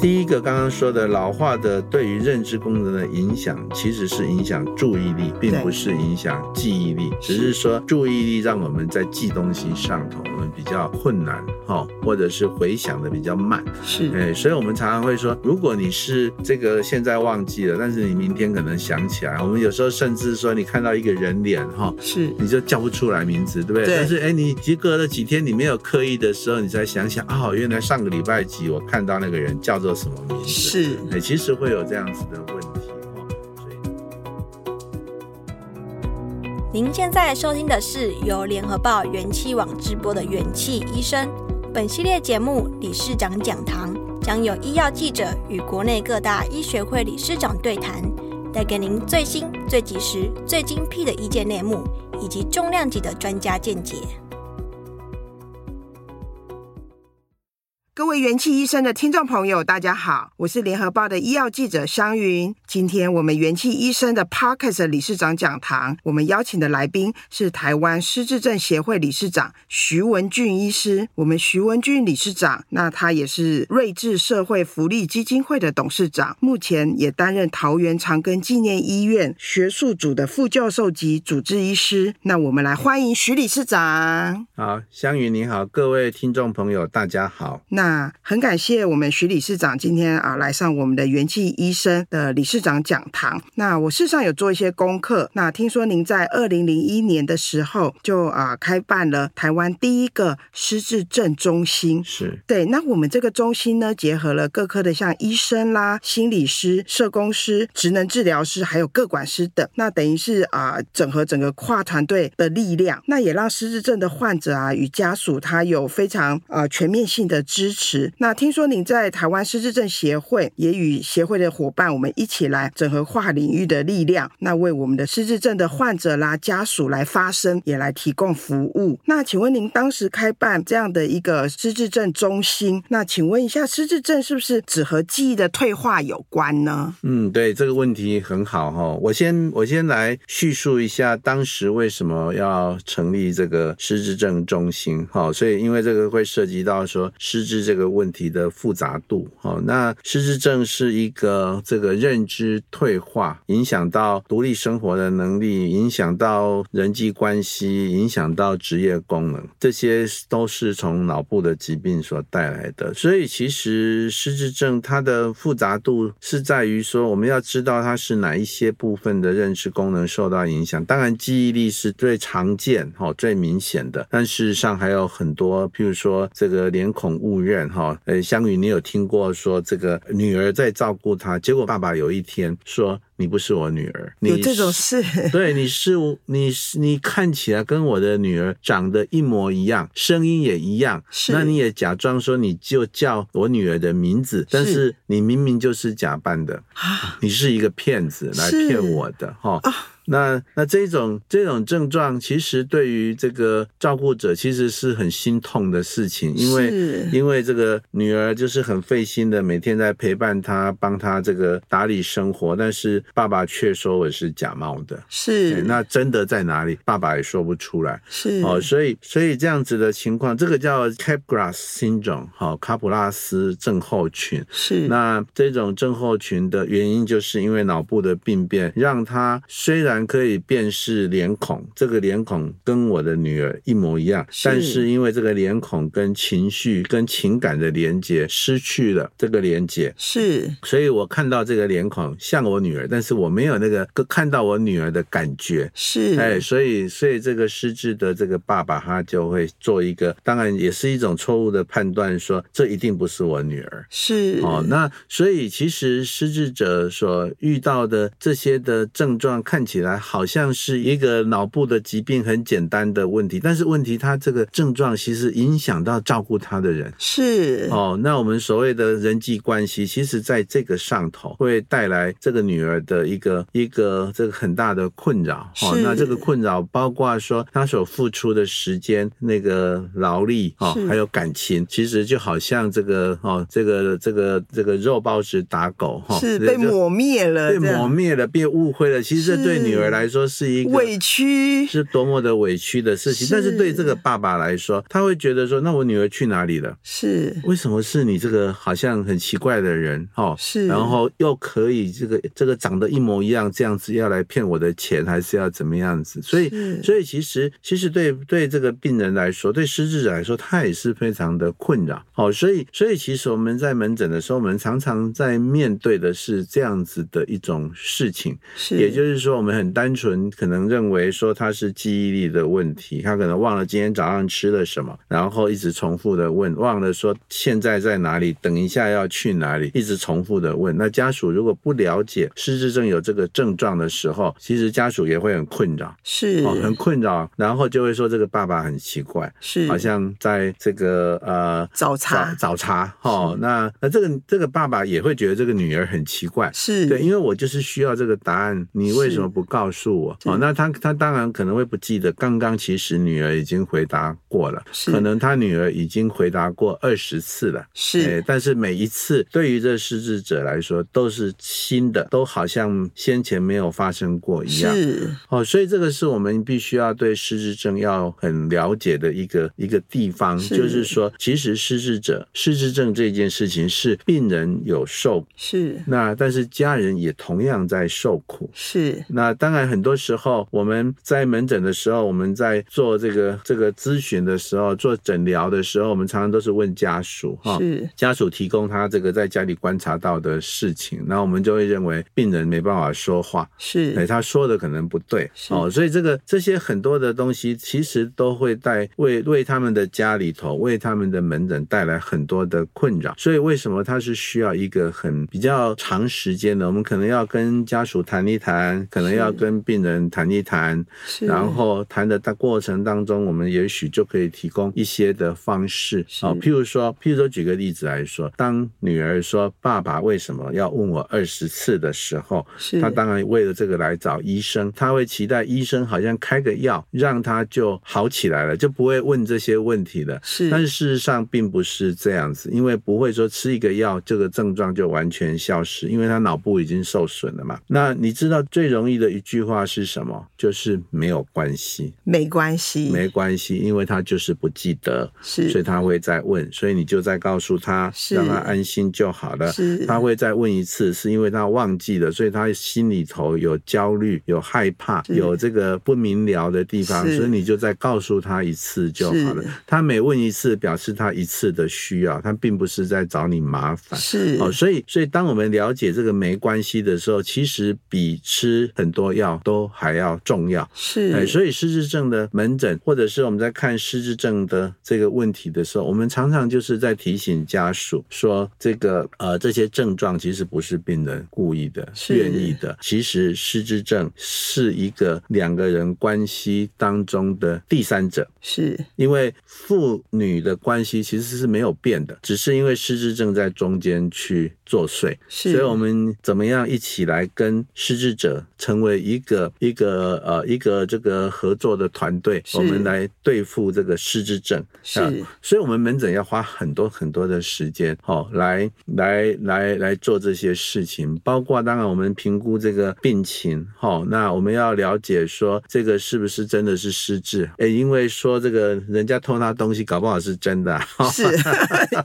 第一個剛剛說的老化的對於認知功能的影響，其實是影響注意力，並不是影響記憶力，對只是說注意力讓我們在記東西上頭我們比較困難哈，或者是回想的比較慢是，哎，所以我們常常會說，如果你是這個現在忘記了，但是你明天可能想起來。我們有時候甚至說，你看到一個人臉哈，是，你就叫不出來名字，對不對？對但是哎，你隔了幾天你沒有刻意的時候，你再想想，哦，原來上個禮拜幾我看到那個人叫做。是誒，其實會有這樣子的問題。您現在收聽的是由聯合報元氣網直播的《元氣醫生》本系列節目，理事長講堂，將由醫藥記者與國內各大醫學會理事長對談，帶給您最新、最及時、最精闢的意見內幕，以及重量級的專家見解。各位元氣醫生的聽眾朋友，大家好，我是聯合報的醫藥記者湘雲。今天我們元氣醫生的 Podcast 理事長講堂，我們邀請的來賓是台灣失智症協會理事長徐文俊醫師。我們徐文俊理事長，那他也是瑞智社會福利基金會的董事長，目前也擔任桃園長庚紀念醫院學術組的副教授級主治醫師。那我們來歡迎徐理事長。好，湘雲你好，各位聽眾朋友大家好。那那很感謝我們徐理事長今天啊，來上我們的元氣醫生的理事長講堂。那我事上有做一些功課。那聽說您在二零零一年的時候就啊開辦了台灣第一個失智症中心。是，對。那我們這個中心呢，結合了各科的像醫生啦、心理師、社工師、職能治療師，還有個管師等。那等於是啊整合整個跨團隊的力量。那也讓失智症的患者啊與家屬他有非常啊全面性的支持。池那聽說您在台灣失智症協會也與協會的夥伴我們一起來整合跨領域的力量，那為我們的失智症的患者啦家屬來發聲，也來提供服務。那請問您當時開辦這樣的一個失智症中心，那請問一下，失智症是不是只和記憶的退化有關呢？嗯，對，這個問題很好哈、哦，我先我先來敘述一下當時為什麼要成立這個失智症中心。哈、哦，所以因為這個會涉及到說失智。這個問題的複雜度，哦，那失智症是一個這個認知退化，影響到獨立生活的能力，影響到人際關係，影響到職業功能，這些都是從腦部的疾病所帶來的。所以，其實失智症它的複雜度是在於說，我們要知道它是哪一些部分的認知功能受到影響。當然，記憶力是最常見、最明顯的，但事實上還有很多，譬如說這個臉孔誤認。呃、嗯，湘雲，你有聽過說這個女兒在照顧她，結果爸爸有一天說，你不是我女兒，你有這種事？對，你是你你看起來跟我的女兒長得一模一樣，聲音也一樣，是那你也假裝說你就叫我女兒的名字，但是你明明就是假扮的，是你是一個騙子來騙我的哈。啊、那那這種這種症狀，其實對於這個照顧者其實是很心痛的事情，因為是因為這個女兒就是很費心的，每天在陪伴她，幫她這個打理生活，但是。爸爸卻說我是假冒的，是、哎、那真的在哪裡？爸爸也說不出來，是哦，所以所以這樣子的情況，這個叫 Capgras Syndrome，好、哦，卡普拉斯症候群，是那這種症候群的原因，就是因為腦部的病變，讓他雖然可以辨識臉孔，這個臉孔跟我的女兒一模一樣，是但是因為這個臉孔跟情緒跟情感的連接失去了這個連接，是，所以我看到這個臉孔像我女兒，但。但是我沒有那個看到我女兒的感覺。是。哎，所以所以這個失智的這個爸爸他就會做一個，當然也是一種錯誤的判斷，說這一定不是我女兒。是。哦，那所以其實失智者所遇到的這些的症狀看起來好像是一個腦部的疾病，很簡單的問題，但是問題他這個症狀其實影響到照顧他的人。是。哦，那我們所謂的人際關係，其實在這個上頭會帶來這個女兒。的一個一個這個很大的困擾哈是、哦，那這個困擾包括說他所付出的時間、那個勞力哈，哦、是還有感情，其實就好像這個哦，這個這個、這個、這個肉包子打狗哈，是、哦、被抹滅了，樣被抹滅了，被誤會了。其實這對女兒來說是一個委屈，是多麼的委屈的事情。是，但是對這個爸爸來說，他會覺得說，那我女兒去哪裡了？是，為什麼是你這個好像很奇怪的人哦，是，然後又可以這個這個長。的一模一樣，這樣子要來騙我的錢，還是要怎麼樣子？所以，所以其實，其實對對這個病人來說，對失智者來說，他也是非常的困擾。好，所以，所以其實我們在門診的時候，我們常常在面對的是這樣子的一種事情。是，也就是說，我們很單純，可能認為說他是記憶力的問題，他可能忘了今天早上吃了什麼，然後一直重複的問，忘了說現在在哪裡，等一下要去哪裡，一直重複的問。那家屬如果不了解失失智症有這個症狀的時候，其實家屬也會很困擾，是哦，很困擾，然後就會說這個爸爸很奇怪，是好像在這個呃找碴找碴。哦，是那那這個這個爸爸也會覺得這個女兒很奇怪，是對，因為我就是需要這個答案，你為什麼不告訴我？哦，那他他當然可能會不記得，剛剛其實女兒已經回答過了，是，可能他女兒已經回答過二十次了，是、哎，但是每一次對於這個失智者來說都是新的，都好。像先前沒有發生過一樣，是哦，所以這個是我們必須要對失智症要很了解的一個一個地方，是就是說，其實失智者失智症這件事情是病人有受苦是，那但是家人也同樣在受苦是，那當然很多時候我們在門診的時候，我們在做這個這個諮詢的時候，做診療的時候，我們常常都是問家屬哈，哦、是家屬提供他這個在家裡觀察到的事情，那我們就會認為病人。沒辦法說話，是哎，他說的可能不對是哦，所以這個這些很多的東西，其實都會帶，為為他們的家裡頭，為他們的門診帶來很多的困擾。所以為什麼他是需要一個很比較長時間的，我們可能要跟家屬談一談，可能要跟病人談一談，是然後談的過程當中，我們也許就可以提供一些的方式哦，譬如說，譬如說，舉個例子來說，當女兒說爸爸為什麼要問我二十次的時候。哦，oh, 是。他當然為了這個來找醫生，他會期待醫生好像開個藥讓他就好起來了，就不會問這些問題了。是。但是事實上並不是這樣子，因為不會說吃一個藥這個症狀就完全消失，因為他腦部已經受損了嘛。那你知道最容易的一句話是什麼？就是沒有關係，沒關係，沒關係，因為他就是不記得，是。所以他會再問，所以你就再告訴他，是。讓他安心就好了。是。他會再問一次，是因為他忘記了。所以他心裡頭有焦慮、有害怕、有這個不明了的地方，是所以你就再告訴他一次就好了。是他每問一次，表示他一次的需要，他並不是在找你麻煩。是哦，所以所以當我們了解這個沒關係的時候，其實比吃很多藥都還要重要。是、哎、所以失智症的門診，或者是我們在看失智症的這個問題的時候，我們常常就是在提醒家屬說，這個呃這些症狀其實不是病人故意的。願意的，其實失智症是一個兩個人關係當中的第三者，是，因為父女的關係其實是沒有變的，只是因為失智症在中間去作祟，是所以，我們怎麼樣一起來跟失智者成為一個一個呃一個這個合作的團隊，是我們來對付這個失智症。是、啊，所以，我們門診要花很多很多的時間，好、哦，來來來來做這些事情，包括當然我們評估這個病情，好、哦，那我們要了解說這個是不是真的是失智？哎、欸，因為說這個人家偷他東西，搞不好是真的，是、哦、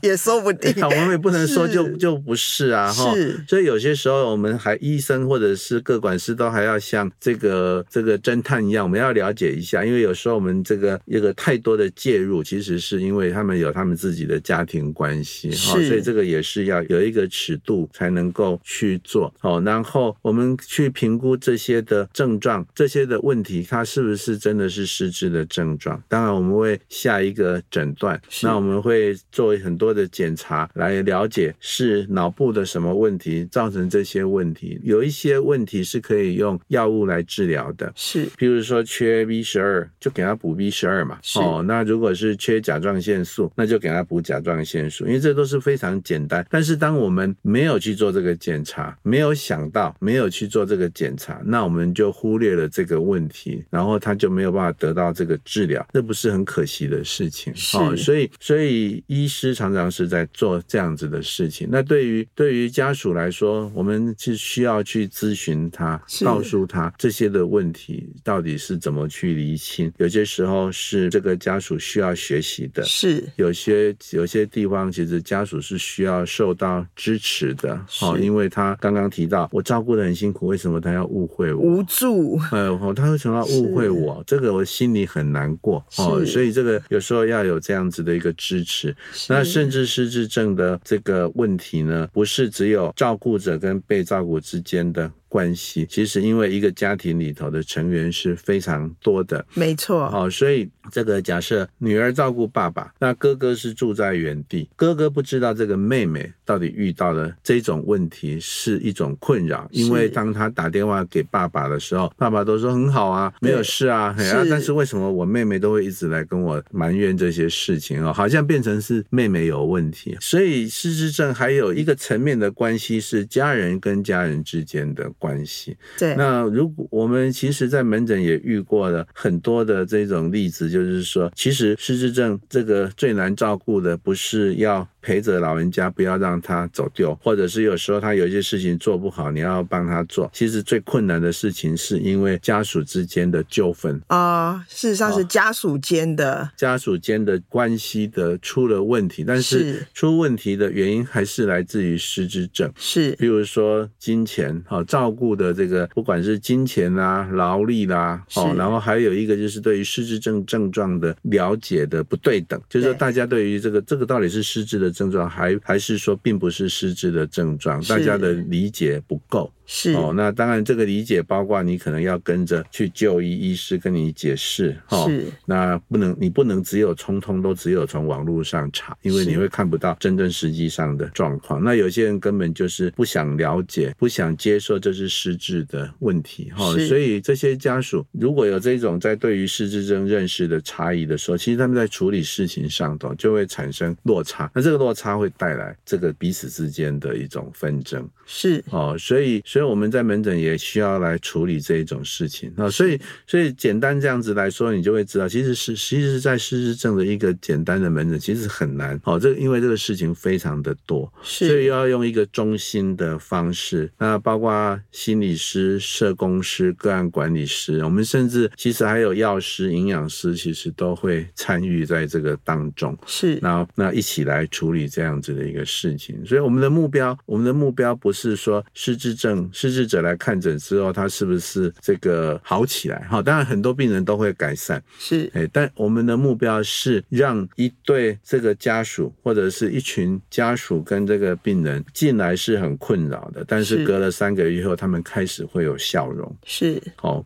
也說不定、啊，我們也不能說就是就不是。是啊，哈，所以有些時候我們還醫生或者是個管師都還要像這個這個偵探一樣，我們要了解一下，因為有時候我們這個一個太多的介入，其實是因為他們有他們自己的家庭關係，哈，所以這個也是要有一個尺度才能夠去做，好，然後我們去評估這些的症狀，這些的問題，它是不是真的是失智的症狀？當然我們會下一個診斷，是那我們會做很多的檢查來了解是腦部。的什麼問題造成這些問題？有一些問題是可以用藥物來治療的，是，比如說缺 B 十二就給他補 B 十二嘛。是哦，那如果是缺甲狀腺素，那就給他補甲狀腺素，因為這都是非常簡單。但是當我們沒有去做這個檢查，沒有想到，沒有去做這個檢查，那我們就忽略了這個問題，然後他就沒有辦法得到這個治療，這不是很可惜的事情。是、哦，所以所以醫師常常是在做這樣子的事情。那對於對於家屬來說，我們就需要去諮詢他，是告訴他這些的問題到底是怎麼去理清。有些時候是這個家屬需要學習的，是有些有些地方其實家屬是需要受到支持的。是哦，因為他剛剛提到我照顧得很辛苦，為什麼他要誤會我？無助。呃、哎哦、他為什麼要誤會我，是這個我心裡很難過。哦，是所以這個有時候要有這樣子的一個支持。是那甚至失智症的這個問題呢，不是只有照顧者跟被照顧之間的。關係，其實因為一個家庭裡頭的成員是非常多的，沒錯。好，哦，所以這個假設女兒照顧爸爸，那哥哥是住在原地，哥哥不知道這個妹妹到底遇到了這種問題，是一種困擾，因為當他打電話給爸爸的時候，是爸爸都說很好啊，對沒有事啊，是啊，是，但是為什麼我妹妹都會一直來跟我埋怨這些事情哦？好像變成是妹妹有問題。所以失智症還有一個層面的關係是家人跟家人之間的關係。關係。對，那如果我們其實，在門診也遇過了很多的這種例子，就是說，其實失智症這個最難照顧的，不是要陪着老人家，不要讓他走丟，或者是有時候他有一些事情做不好，你要幫他做。其實最困難的事情，是因為家屬之間的糾紛啊，事實上是家屬間的、哦、家屬間的關係的出了問題，但是出問題的原因還是來自於失智症，是，比如說金錢哈、哦，照顧。顧的這個，不管是金錢啦、啊、勞力啦、啊哦是，哦，然後還有一個就是對於失智症症狀的了解的不對等，就是說大家對於這個這個到底是失智的症狀，還還是說並不是失智的症狀，大家的理解不夠是。不夠。是哦，那當然，這個理解包括你可能要跟着去就醫醫師跟你解釋，哈、哦。是。那不能，你不能只有通通都只有從網絡上查，因為你會看不到真正實際上的狀況。是。那有些人根本就是不想了解，不想接受這是失智的問題，哈、哦。是。所以這些家屬如果有這種在對於失智症認識的差異的時候，其實他們在處理事情上頭就會產生落差。那這個落差會帶來這個彼此之間的一種紛爭。是。哦，所以。所以我們在門診也需要來處理這一種事情啊，所以所以簡單這樣子來說，你就會知道，其實是其實是在失智症的一個簡單的門診，其實很難。哦，這因為這個事情非常的多，是，所以要用一個中心的方式，那包括心理師、社工師、個案管理師，我們甚至其實還有藥師、營養師，其實都會參與在這個當中，是，那那一起來處理這樣子的一個事情。所以我們的目標，我們的目標不是說失智症。失智者來看診之後，他是不是這個好起來？好，當然很多病人都會改善，是。哎，但我們的目標是讓一對這個家屬或者是一群家屬跟這個病人進來是很困擾的，但是隔了三個月後，是他們開始會有笑容，是。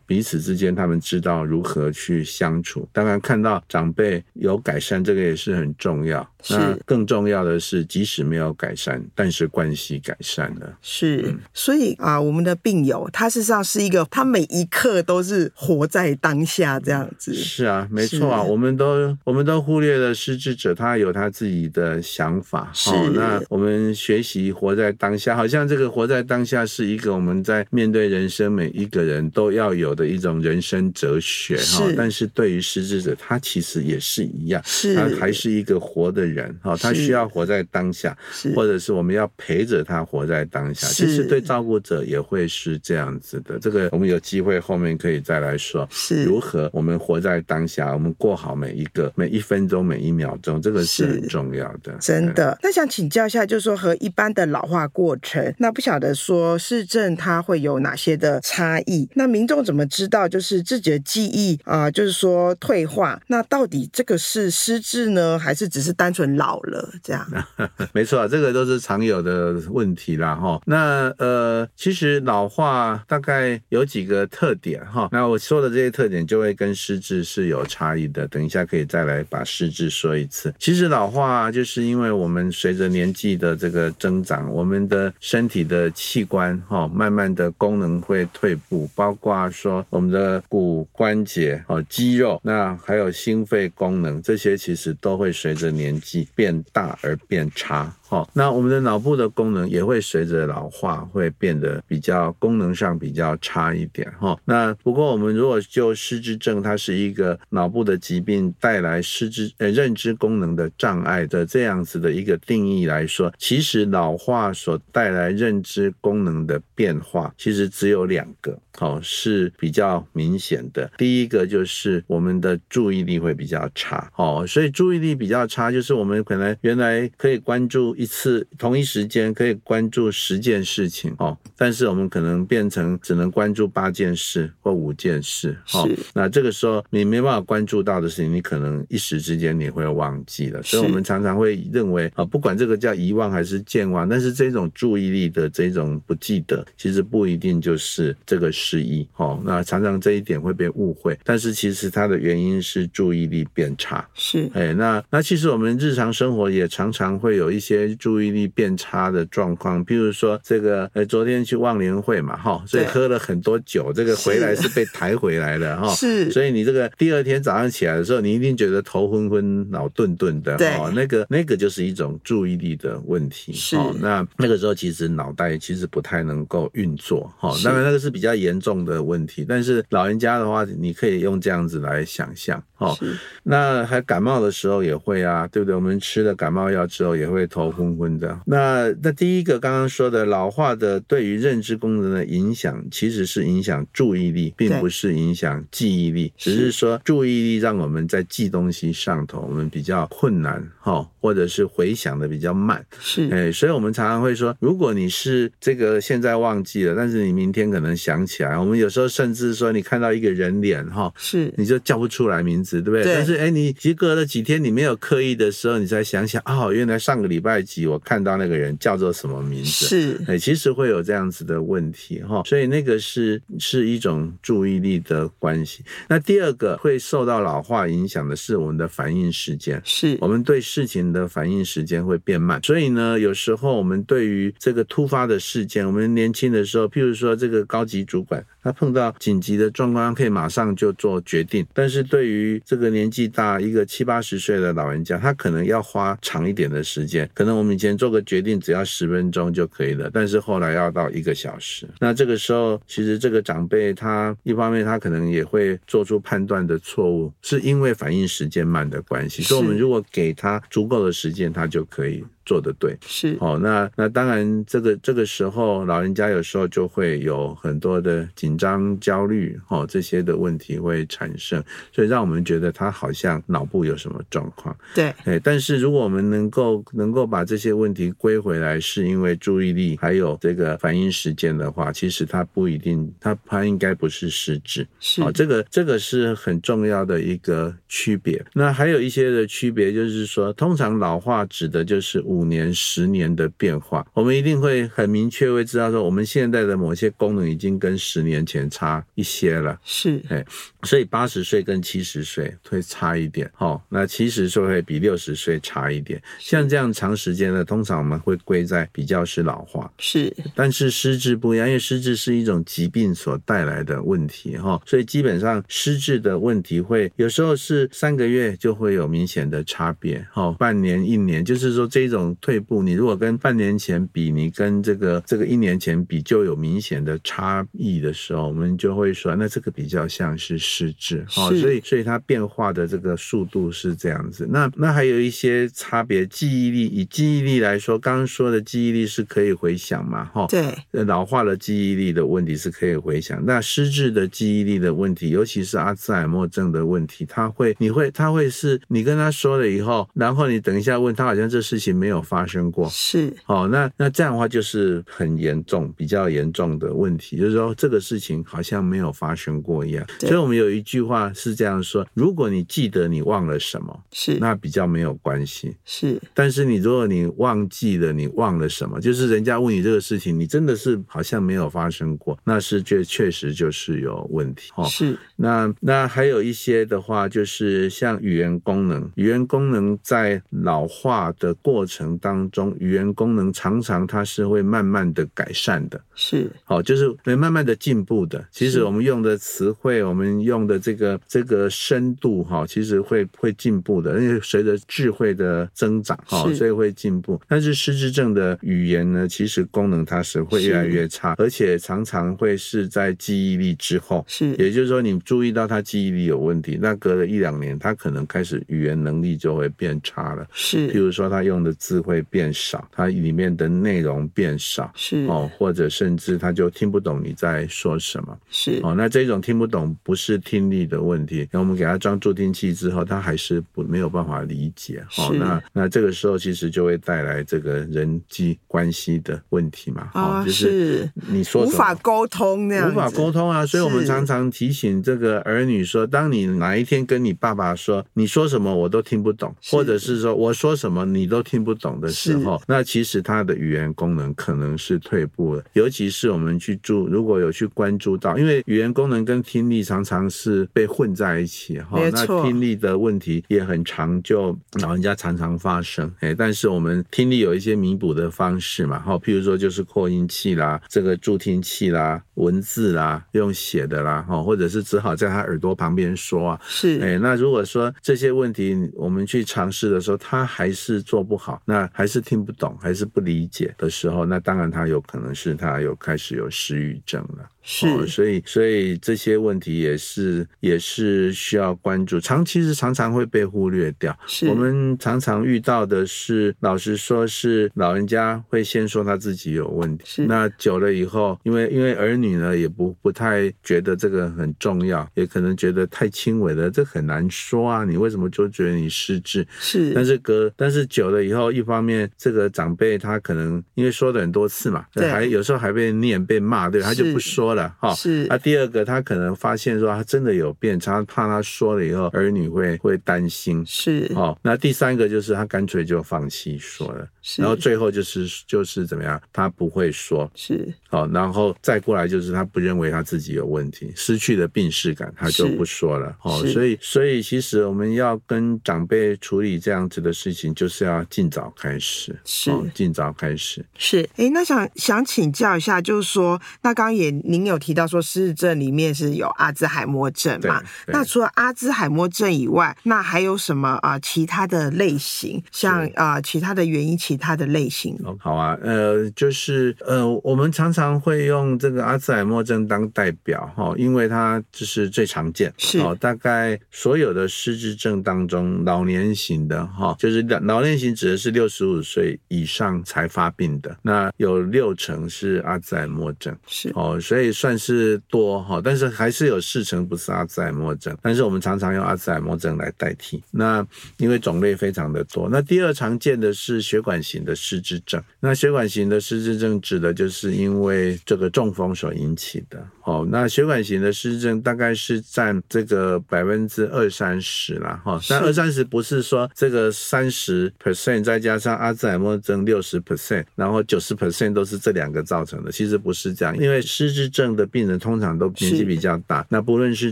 彼此之間他們知道如何去相處。當然，看到長輩有改善，這個也是很重要。是，那更重要的是，即使沒有改善，但是關係改善了。是，嗯、所以啊，我們的病友他實際上是一個，他每一刻都是活在當下這樣子。是啊，沒錯啊，是我們都我們都忽略了失智者，他有他自己的想法。好是、哦、那我們學習活在當下，好像這個活在當下是一個我們在面對人生每一個人都要有的一種人生哲學哈是、哦。但是對於失智者，他其實也是一樣，是他還是一個活的人。人哦，他需要活在當下，是或者是我們要陪着他活在當下。是其實對照顧者也會是這樣子的。這個我們有機會後面可以再來說，是如何我們活在當下，我們過好每一個每一分鐘每一秒鐘，這個是很重要的。是對真的。那想請教一下，就是說和一般的老化過程，那不曉得說失智它會有哪些的差異？那民眾怎麼知道就是自己的記憶啊、呃，就是說退化？那到底這個是失智呢，還是只是單純？老了這樣， 沒錯，這個都是常有的問題啦哈。那呃，其實老化大概有幾個特點哈。那我說的這些特點就會跟失智是有差異的，等一下可以再來把失智說一次。其實老化就是因為我們隨着年紀的這個增長，我們的身體的器官哈，慢慢的功能會退步，包括說我們的骨關節、哦肌肉，那還有心肺功能，這些其實都會隨着年紀。變大而變差。哦，那我們的腦部的功能也會隨着老化，會變得比較功能上比較差一點哈、哦。那不過我們如果就失智症，它是一個腦部的疾病帶來失智呃、哎、認知功能的障礙的這樣子的一個定義來說，其實老化所帶來認知功能的變化其實只有兩個，好、哦、是比較明顯的。第一個就是我們的注意力會比較差，哦，所以注意力比較差就是我們可能原來可以關注。一次同一時間可以關注十件事情哦，但是我們可能變成只能關注八件事或五件事哦。是那這個時候你沒辦法關注到的事情，你可能一時之間你會忘記了。是所以，我們常常會認為啊，不管這個叫遺忘還是健忘，但是這種注意力的這種不記得，其實不一定就是這個失憶哦。那常常這一點會被誤會，但是其實它的原因是注意力變差。是哎、欸，那那其實我們日常生活也常常會有一些。注意力變差的狀況，比如說這個，呃，昨天去忘年會嘛，哈，所以喝了很多酒，這個回來是被抬回來的，哈，是，所以你這個第二天早上起來的時候，你一定覺得頭昏昏、腦鈍鈍的，哦，對 那個那個就是一種注意力的問題，是，那那個時候其實腦袋其實不太能夠運作，哈，那麼那個是比較嚴重的問題，但是老人家的話，你可以用這樣子來想象，哦，是 那還感冒的時候也會啊，對不對？我們吃了感冒藥之後也會頭昏。公分這樣。那那第一個剛剛說的老化的對於認知功能的影響，其實是影響注意力，並不是影響記憶力，只是說注意力讓我們在記東西上頭我們比較困難哈，或者是回想的比較慢是哎，所以我們常常會說，如果你是這個現在忘記了，但是你明天可能想起來。我們有時候甚至說你看到一個人臉哈是，你就叫不出來名字，對不對？但是哎，你隔了幾天你沒有刻意的時候，你再想想啊，原來上個禮拜。我看到那個人叫做什麼名字？是，哎，其實會有這樣子的問題哈，所以那個是是一種注意力的關係。那第二個會受到老化影響的是我們的反應時間，是我們對事情的反應時間會變慢。所以呢，有時候我們對於這個突發的事件，我們年輕的時候，譬如說這個高級主管，他碰到緊急的狀況，可以馬上就做決定。但是對於這個年紀大，一個七八十歲的老人家，他可能要花長一點的時間，可能。我們以前做個決定只要十分鐘就可以了，但是後來要到一個小時。那這個時候，其實這個長輩他一方面他可能也會做出判斷的錯誤，是因為反應時間慢的關係。是所以，我們如果給他足夠的時間，他就可以。做的對，是哦，那那當然，這個這個時候老人家有時候就會有很多的緊張、焦慮，哦，這些的問題會產生，所以讓我們覺得他好像腦部有什麼狀況，對，哎，但是如果我們能夠能夠把這些問題歸回來，是因為注意力還有這個反應時間的話，其實他不一定，他他應該不是失智，是哦，這個這個是很重要的一個區別。那還有一些的區別就是說，通常老化指的就是五。五年、十年的變化，我們一定會很明確會知道，說我們現在的某些功能已經跟十年前差一些了，是，哎所以八十歲跟七十歲會差一點，好，那七十歲會比六十歲差一點。像這樣長時間的，通常我們會歸在比較是老化，是。但是失智不一樣，因為失智是一種疾病所帶來的問題，哈，所以基本上失智的問題會有時候是三個月就會有明顯的差別，哈，半年一年，就是說這種退步，你如果跟半年前比，你跟這個這個一年前比就有明顯的差異的時候，我們就會說，那這個比較像是失智。失智，好是，所以所以它變化的這個速度是這樣子。那那還有一些差別，記憶力以記憶力來說，剛剛說的記憶力是可以回想嘛，哈，對，老化的記憶力的問題是可以回想。那失智的記憶力的問題，尤其是阿茲海默症的問題，他會，你會，他會是你跟他說了以後，然後你等一下問他，好像這事情沒有發生過，是，好、哦，那那這樣的話就是很嚴重，比較嚴重的問題，就是說這個事情好像沒有發生過一樣。對所以我們。有一句話是這樣說，如果你記得你忘了什麼，是，那比較沒有關係，是。但是你如果你忘記了你忘了什麼，就是人家問你這個事情，你真的是好像沒有發生過，那是確確實就是有問題。是。那那還有一些的話，就是像語言功能，語言功能在老化的過程當中，語言功能常常它是會慢慢的改善的，是。好，就是會慢慢的進步的。其實我們用的詞彙，是我們。用的這個這個深度哈，其實會會進步的，因為隨着智慧的增長哈，是所以會進步。但是失智症的語言呢，其實功能它是會越來越差，是而且常常會是在記憶力之後，是，也就是說你注意到他記憶力有問題，是那隔了一兩年，他可能開始語言能力就會變差了，是，比如說他用的字會變少，他裡面的內容變少，是哦，或者甚至他就聽不懂你在說什麼，是哦，那這種聽不懂不是聽力的問題，那我們給他裝助聽器之後，他還是不沒有辦法理解。是。那那這個時候其實就會帶來這個人際關係的問題嘛？啊，就是。你說無法溝通那樣。無法溝通啊！所以我們常常提醒這個兒女說，是當你哪一天跟你爸爸說，你說什麼我都聽不懂，是或者是說我說什麼你都聽不懂的時候，是那其實他的語言功能可能是退步了。尤其是我們去注如果有去關注到，因為語言功能跟聽力常常。是被混在一起哈，沒錯。那聽力的問題也很常就老人家常常發生，但是我們聽力有一些彌補的方式嘛，哈，譬如說就是擴音器啦，這個助聽器啦，文字啦，用寫的啦，或者是只好在他耳朵旁邊說啊，是、哎，那如果說這些問題我們去嘗試的時候，他還是做不好，那還是聽不懂，還是不理解的時候，那當然他有可能是他有開始有失語症了。是、哦，所以所以這些問題也是也是需要關注，常，其實常常會被忽略掉。是，我們常常遇到的是，老實說是老人家會先說他自己有問題。是，那久了以後，因為因為兒女呢也不不太覺得這個很重要，也可能覺得太輕微了，這很難說啊。你為什麼就覺得你失智？是，但是隔但是久了以後，一方面這個長輩他可能因為說了很多次嘛，對，還有時候還被念被罵，對吧，是他就不說了。好，是。那、啊、第二個，他可能發現說他真的有變，他怕他說了以後兒女會會擔心，是。好、哦，那第三個就是他乾脆就放棄說了，是。然後最後就是就是怎麼樣，他不會說，是。好、哦，然後再過來就是他不認為他自己有問題，失去了病識感，他就不說了。好是、哦，所以所以其實我們要跟長輩處理這樣子的事情，就是要盡早開始，是。哦、盡早開始，是。哎、欸，那想想請教一下，就是說，那剛剛也您。你剛剛有提到說失智症裡面是有阿茲海默症嘛？那除了阿茲海默症以外，那還有什麼啊、呃？其他的類型，像啊是、呃，其他的原因，其他的類型。哦、好啊，呃，就是呃，我們常常會用這個阿茲海默症當代表哈、哦，因為它就是最常見。是哦，大概所有的失智症當中，老年型的哈、哦，就是老老年型指的是六十五歲以上才發病的，那有六成是阿茲海默症。是哦，所以。算是多哈，但是還是有四成不是阿茲海默症，但是我們常常用阿茲海默症來代替。那因為種類非常的多。那第二常見的是血管型的失智症。那血管型的失智症指的就是因為這個中風所引起的。哦，那血管型的失智症大概是占這個百分之二三十啦。哈是。但二三十不是說這個三十 percent 再加上阿茲海默症六十 percent，然後九十 percent 都是這兩個造成的。其實不是這樣，因為失智症。症的病人通常都年紀比較大，是那不論是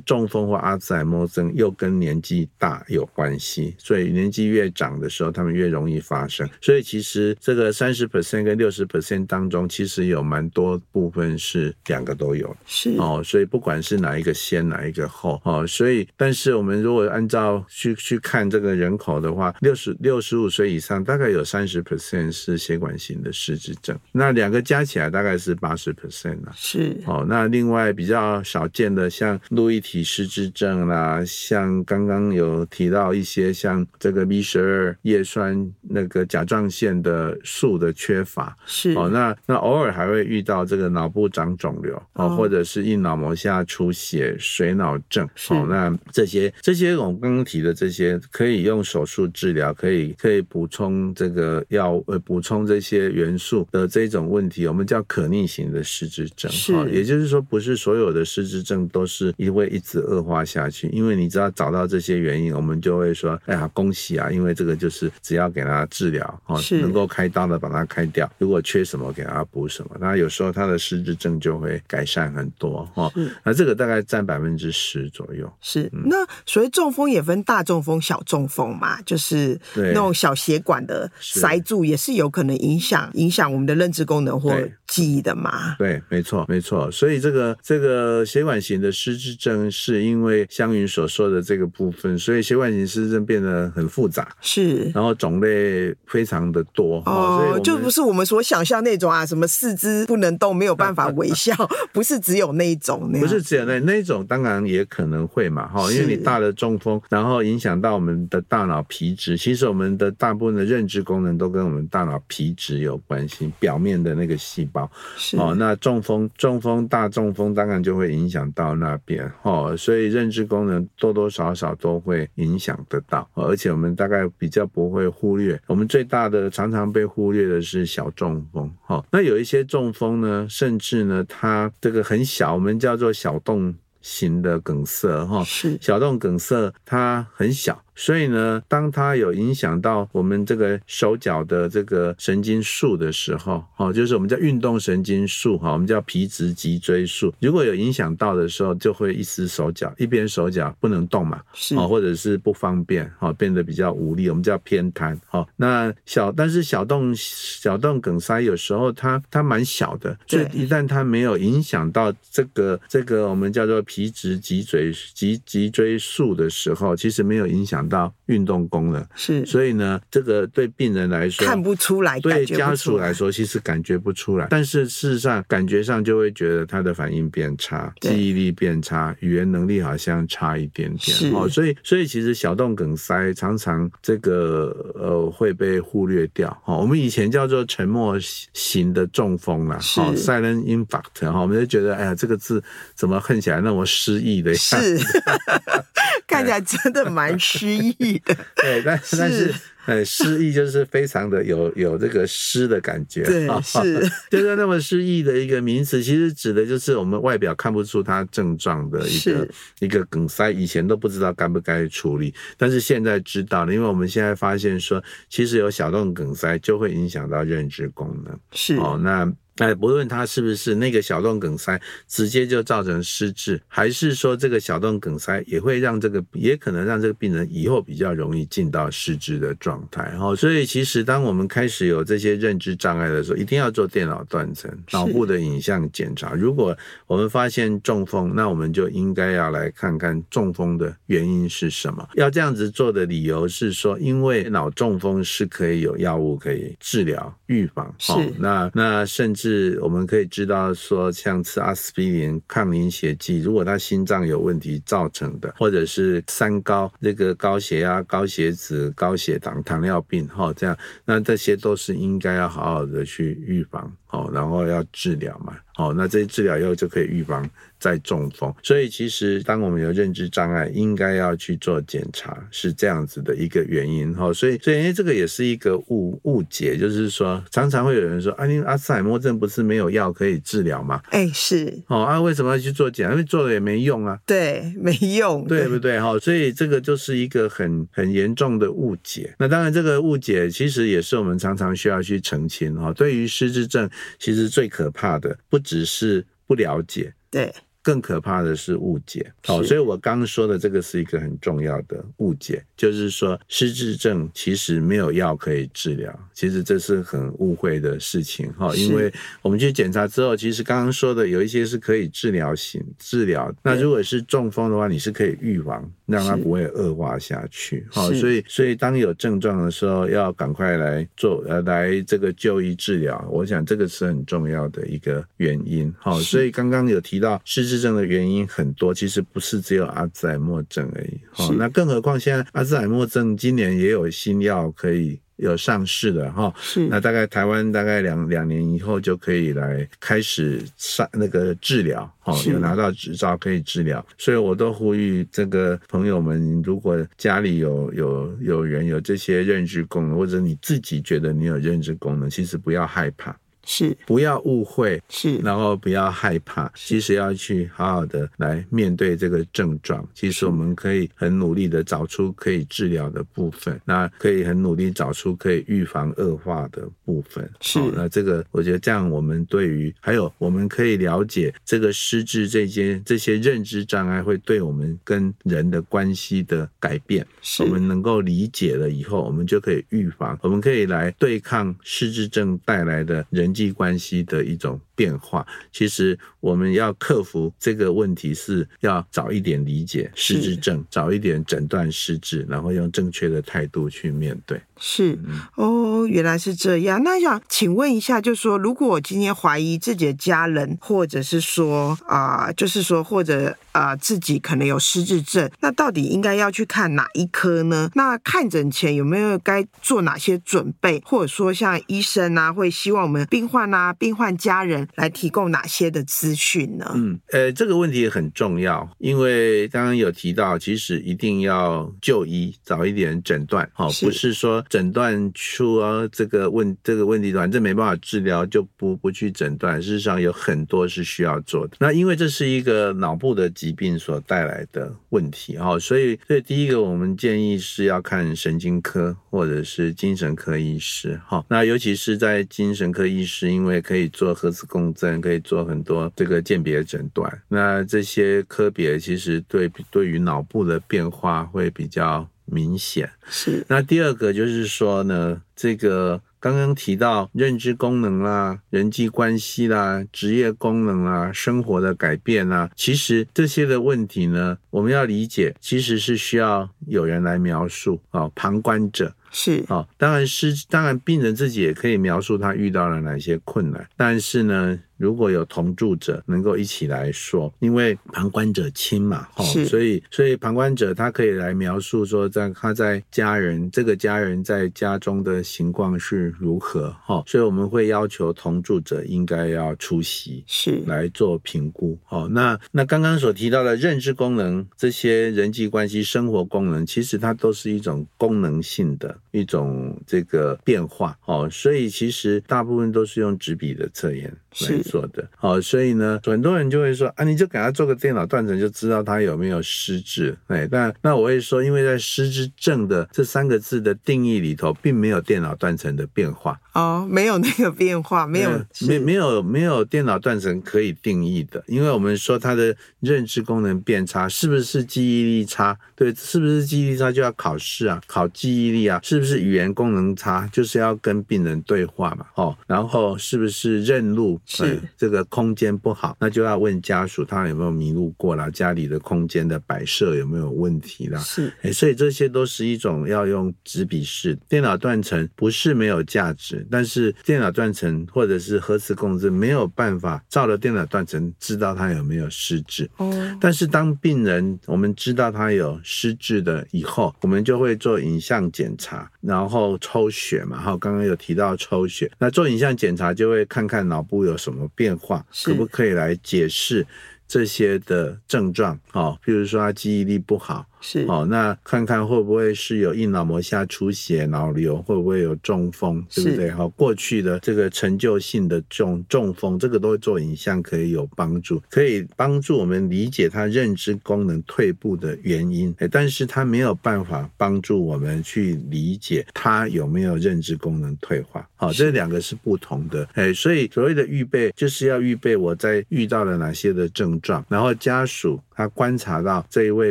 中風或阿茲海默症，又跟年紀大有關係，所以年紀越長的時候，他們越容易發生。所以其實這個三十 percent 跟六十 percent 當中，其實有蠻多部分是兩個都有，是哦。所以不管是哪一個先，哪一個後，哦，所以但是我們如果按照去去看這個人口的話，六十六十五歲以上大概有三十 percent 是血管型的失智症，那兩個加起來大概是八十 percent 是哦。那另外比較少見的，像路易體失智症啦、啊，像剛剛有提到一些，像這個 B 十二葉酸那個甲狀腺的素的缺乏，是哦、oh,，那那偶爾還會遇到這個腦部長腫瘤哦，oh. 或者是硬腦膜下出血、水腦症，哦是，oh, 那這些這些我們剛剛提的這些可以用手術治療，可以可以補充這個藥，補充這些元素的這種問題，我們叫可逆型的失智症，是也。就是說，不是所有的失智症都是會一直惡化下去，因為你知道找到這些原因，我們就會說，哎呀，恭喜啊，因為這個就是只要給他治療哦，是能夠開刀的把它開掉，如果缺什麼給他補什麼，那有時候他的失智症就會改善很多是哦。那這個大概占百分之十左右。是，嗯、那所以中風也分大中風、小中風嘛，就是那種小血管的塞住也是有可能影響是影響我們的認知功能或記憶的嘛。對、對、對，沒錯，沒錯。所以這個這個血管型的失智症，是因為湘雲所說的這個部分，所以血管型失智症變得很複雜，是，然後種類非常的多，哦，就不是我們所想象那種啊，什麼四肢不能動，沒有辦法微笑，啊啊啊、不是只有那一種，那不是只有那種那種，當然也可能會嘛，哈，因為你得了中風，然後影響到我們的大腦皮質，其實我們的大部分的認知功能都跟我們大腦皮質有關係，表面的那個細胞，是，哦，那中風中風。大中風當然就會影響到那邊哦，所以認知功能多多少少都會影響得到，而且我們大概比較不會忽略，我們最大的常常被忽略的是小中風哈。那有一些中風呢，甚至呢，它這個很小，我們叫做小洞型的梗塞哈，是小洞梗塞，它很小。所以呢，當它有影響到我們這個手腳的這個神經束的時候，哦，就是我們叫運動神經束，哈，我們叫皮質脊椎束。如果有影響到的時候，就會一絲手腳一邊手腳不能動嘛，是，或者是不方便，哦，變得比較無力。我們叫偏癱，哦，那小但是小洞小洞梗塞有時候它它蠻小的，對。一旦它沒有影響到這個這個我們叫做皮質脊椎脊脊椎束的時候，其實沒有影響到運動功能是，所以呢，這個對病人來說看不出來，對家屬來說來其實感覺不出來，但是事實上感覺上就會覺得他的反應變差，對記憶力變差，語言能力好像差一點點哦，是所以所以其實小動梗塞常常這個呃會被忽略掉哈，我們以前叫做沉默型的中風了，好是、哦、silent infarct 哈，我們就覺得哎呀這個字怎麼恨起來那麼失意的？是 看起來真的蠻虛。詩意 對，但但是很詩意，是詩意就是非常的有有這個詩的感覺，對，是 就是那麼詩意的一個名詞，其實指的就是我們外表看不出它症狀的一個是一個梗塞，以前都不知道該不該處理，但是現在知道了，因為我們現在發現說，其實有小動梗塞就會影響到認知功能，是哦，那。哎，不論他是不是那個小洞梗塞，直接就造成失智，還是說這個小洞梗塞也會讓這個，也可能讓這個病人以後比較容易進到失智的狀態。好，所以其實當我們開始有這些認知障礙的時候，一定要做電腦斷層、腦部的影像檢查。是如果我們發現中風，那我們就應該要來看看中風的原因是什麼。要這樣子做的理由是說，因為腦中風是可以有藥物可以治療、預防。是，那那甚至。是我們可以知道說像，像吃阿司匹林、抗凝血劑，如果他心臟有問題造成的，或者是三高，這個高血壓、高血脂、高血糖、糖尿病，哈、哦，這樣，那這些都是應該要好好的去預防，哦，然後要治療嘛，哦，那這些治療以後就可以預防在中風，所以其實當我們有認知障礙，應該要去做檢查，是這樣子的一個原因哈。所以，所以，哎，這個也是一個誤誤解，就是說，常常會有人說啊，你阿茲海默症不是沒有藥可以治療嗎？哎、欸，是哦，啊，為什麼要去做檢查？因為做了也沒用啊。對，沒用，對，對不對哈？所以這個就是一個很很嚴重的誤解。那當然，這個誤解其實也是我們常常需要去澄清哈。對於失智症，其實最可怕的不只是不了解，對。更可怕的是誤解，好是，所以我剛剛說的這個是一個很重要的誤解，就是說失智症其實沒有藥可以治療，其實這是很誤會的事情，哈，因為我們去檢查之後，其實剛剛說的有一些是可以治療型治療，那如果是中風的話，你是可以預防，讓它不會惡化下去，好，所以所以當有症狀的時候，要趕快來做呃來這個就醫治療，我想這個是很重要的一個原因，好，所以剛剛有提到失智。失智症的原因很多，其實不是只有阿茲海默症而已。是哦、那更何況現在阿茲海默症今年也有新藥可以有上市的哈。哦、是那大概台灣大概兩兩年以後就可以來開始上那個治療，哦，有拿到執照可以治療。是所以我都呼籲這個朋友們，如果家裡有有有人有這些認知功能，或者你自己覺得你有認知功能，其實不要害怕。是，不要誤會，是，然後不要害怕，是其實要去好好的來面對這個症狀。其實我們可以很努力的找出可以治療的部分，那可以很努力找出可以預防惡化的部分。是，好，那這個我覺得這樣，我們對於還有我們可以了解這個失智這些這些認知障礙會對我們跟人的關係的改變，是我們能夠理解了以後，我們就可以預防，我們可以來對抗失智症帶來的人際關係的一種變化，其實我們要克服這個問題是要早一點理解失智症，是早一點診斷失智，然後用正確的態度去面對。是哦，原來是這樣。那想請問一下，就是說，如果我今天懷疑自己的家人，或者是說啊、呃，就是說或者。啊、呃，自己可能有失智症，那到底應該要去看哪一科呢？那看診前有沒有該做哪些準備，或者說像醫生啊，會希望我們病患啊、病患家人來提供哪些的資訊呢？嗯，呃、欸，這個問題很重要，因為剛剛有提到，其實一定要就醫，早一點診斷，好、哦，是。不是說診斷出、哦、這個問這個問題，反正沒辦法治療就不不去診斷。事實上有很多是需要做的。那因為這是一個腦部的。疾病所帶來的問題哈，所以，所以第一個我們建議是要看神經科或者是精神科醫師哈。那尤其是在精神科醫師，因為可以做核磁共振，可以做很多這個鑑別診斷。那這些科別其實對對於腦部的變化會比較明顯。是。那第二個就是說呢，這個。剛剛提到認知功能啦、人際關係啦、職業功能啦、生活的改變啦，其實這些的問題呢，我們要理解，其實是需要有人來描述啊、哦，旁觀者是啊、哦，當然是當然，病人自己也可以描述他遇到了哪些困難，但是呢。如果有同住者能夠一起來說，因為旁觀者清嘛，哈是，所以所以旁觀者他可以來描述說，在他在家人這個家人在家中的情況是如何，哈，所以我們會要求同住者應該要出席，是來做評估，哈是，那那剛剛所提到的認知功能、這些人際關係、生活功能，其實它都是一種功能性的一種這個變化，哈，所以其實大部分都是用紙筆的測驗，是。做的好，哦，所以呢，很多人就會說啊，你就給他做個電腦斷層，就知道他有沒有失智。哎，那那我會說，因為在失智症的這三個字的定義裡頭，並沒有電腦斷層的變化。哦，沒有那個變化，沒有，呃、是沒沒有沒有電腦斷層可以定義的，因為我們說他的認知功能變差，是不是記憶力差？對，是不是記憶力差就要考試啊？考記憶力啊？是不是語言功能差，就是要跟病人對話嘛？哦，然後是不是認路？是。這個空間不好，那就要問家屬他有沒有迷路過啦，家裡的空間的擺設有沒有問題啦？是，哎，所以這些都是一種要用紙筆式的。電腦斷層不是沒有價值，但是電腦斷層或者是核磁共振沒有辦法照着電腦斷層知道他有沒有失智。哦，但是當病人我們知道他有失智的以後，我們就會做影像檢查。然後抽血嘛，哈、哦，剛剛有提到抽血，那做影像檢查就會看看腦部有什麼變化，是可不可以來解釋這些的症狀，哦，比如說他記憶力不好。是好，哦，那看看會不會是有硬腦膜下出血、腦瘤，會不會有中風，對不對？好是，過去的這個陳舊性的中中風，這個都會做影像可以有幫助，可以幫助我們理解他認知功能退步的原因。哎，但是他沒有辦法幫助我們去理解他有沒有認知功能退化。好，哦，是這兩個是不同的。哎，所以所謂的預備，就是要預備我在遇到了哪些的症狀，然後家屬他觀察到這一位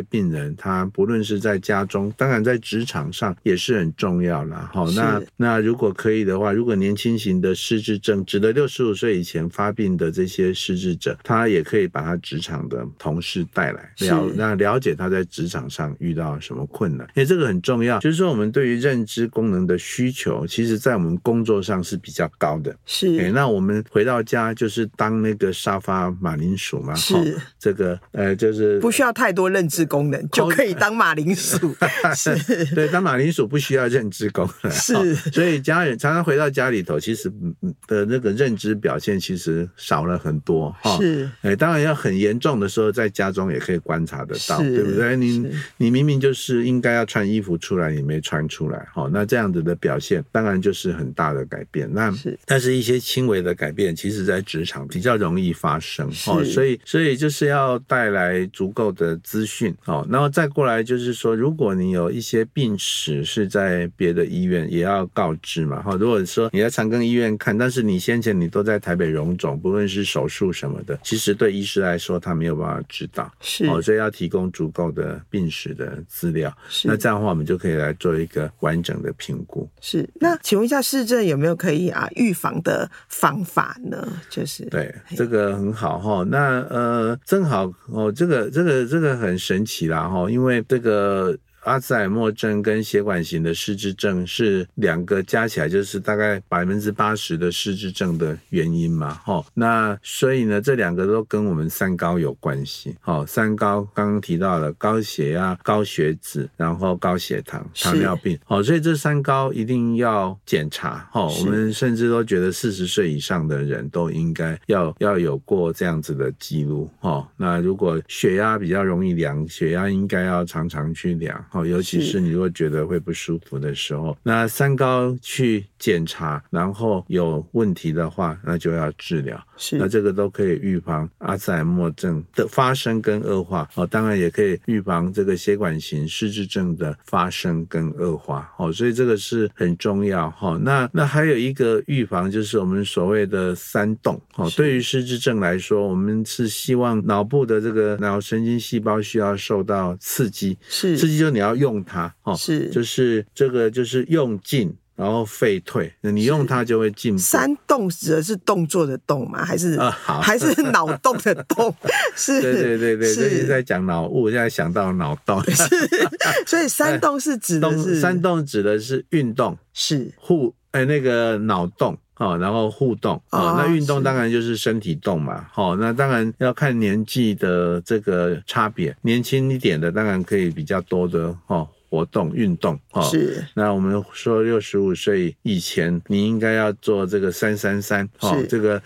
病人他。不論是在家中，當然在職場上也是很重要了。好，是那那如果可以的話，如果年輕型的失智症，指的六十五歲以前發病的這些失智者，他也可以把他職場的同事帶來，了是那了解他在職場上遇到什麼困難，因為這個很重要。就是說，我們對於認知功能的需求，其實在我們工作上是比較高的。是、欸，那我們回到家就是當那個沙發馬鈴薯嘛。是，這個呃，就是不需要太多認知功能就可以。可以當馬鈴薯， 對，當馬鈴薯不需要認知功能，是、哦，所以家人常常回到家裡頭，其實的那個認知表現其實少了很多，哈、哦，是，哎、欸，當然要很嚴重的時候，在家中也可以觀察得到，是對不對？你是你明明就是應該要穿衣服出來，你沒穿出來，哈、哦，那這樣子的表現，當然就是很大的改變，那，是但是，一些輕微的改變，其實在職場比較容易發生，哈、哦，所以，所以就是要帶來足夠的資訊，哦，然後在。過來就是說，如果你有一些病史是在別的醫院，也要告知嘛哈。如果說你在長庚醫院看，但是你先前你都在台北榮總，不論是手術什麼的，其實對醫師來說他沒有辦法知道，是哦，所以要提供足夠的病史的資料。是那這樣的話，我們就可以來做一個完整的評估。是那請問一下，失智有沒有可以啊預防的方法呢？就是對這個很好哈。那呃，正好哦，這個這個這個很神奇啦哈，因為。因為這個。阿茲海默症跟血管型的失智症是兩個加起來就是大概百分之八十的失智症的原因嘛，齁，那所以呢，這兩個都跟我們三高有關係。齁，三高剛剛提到了高血壓、高血脂，然後高血糖、糖尿病。好是，所以這三高一定要檢查。齁是，我們甚至都覺得四十歲以上的人都應該要要有過這樣子的記錄。齁，那如果血壓比較容易量，血壓應該要常常去量。哦，尤其是你如果覺得會不舒服的時候，是那三高去檢查，然後有問題的話，那就要治療。是，那這個都可以預防阿茲海默症的發生跟惡化。哦，當然也可以預防這個血管型失智症的發生跟惡化。哦，所以這個是很重要。哈、哦，那那還有一個預防就是我們所謂的三動。哦，是對於失智症來說，我們是希望腦部的這個腦神經細胞需要受到刺激。是，刺激就。你要用它，哦，是，就是這個，就是用進然後廢退，你用它就會進步。三動指的是動作的動嗎？還是啊、呃、好，還是腦動的動？ 是，對對對對，這是對你在講腦霧，現在想到腦洞，是，所以三動是指的是三動指的是運動，是互哎、欸、那個腦洞。好，然後互動啊、哦哦，那運動當然就是身體動嘛。好是、哦，那當然要看年紀的這個差別，年輕一點的當然可以比較多的哈、哦、活動運動哈。哦、是，那我們說六十五歲以前，你應該要做這個三三三，哦，是這個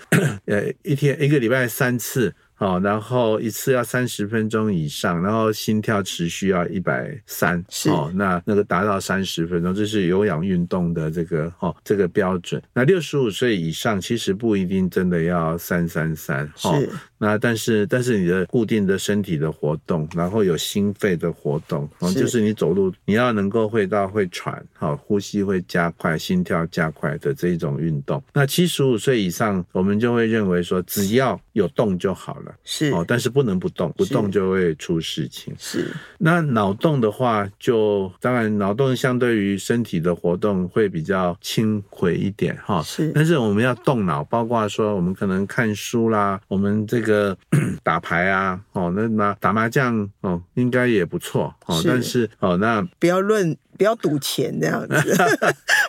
呃一天一個禮拜三次。哦，然後一次要三十分鐘以上，然後心跳持續要一百三十，哦，那那個達到三十分鐘，這、就是有氧運動的這個哦這個標準。那六十五歲以上，其實不一定真的要三三三，哦。那但是但是你的固定的身體的活動，然後有心肺的活動，是就是你走路，你要能夠會到會喘哈，呼吸會加快，心跳加快的這一種運動。那七十五歲以上，我們就會認為說只要有動就好了，是哦，但是不能不動，不動就會出事情。是，那腦動的話就，就當然腦動相對於身體的活動會比較輕回一點哈，是，但是我們要動腦，包括說我們可能看書啦，我們這個。呃，打牌啊，哦是，那那打麻將哦，應該也不錯哦。但是哦，那不要亂，不要賭錢這樣子。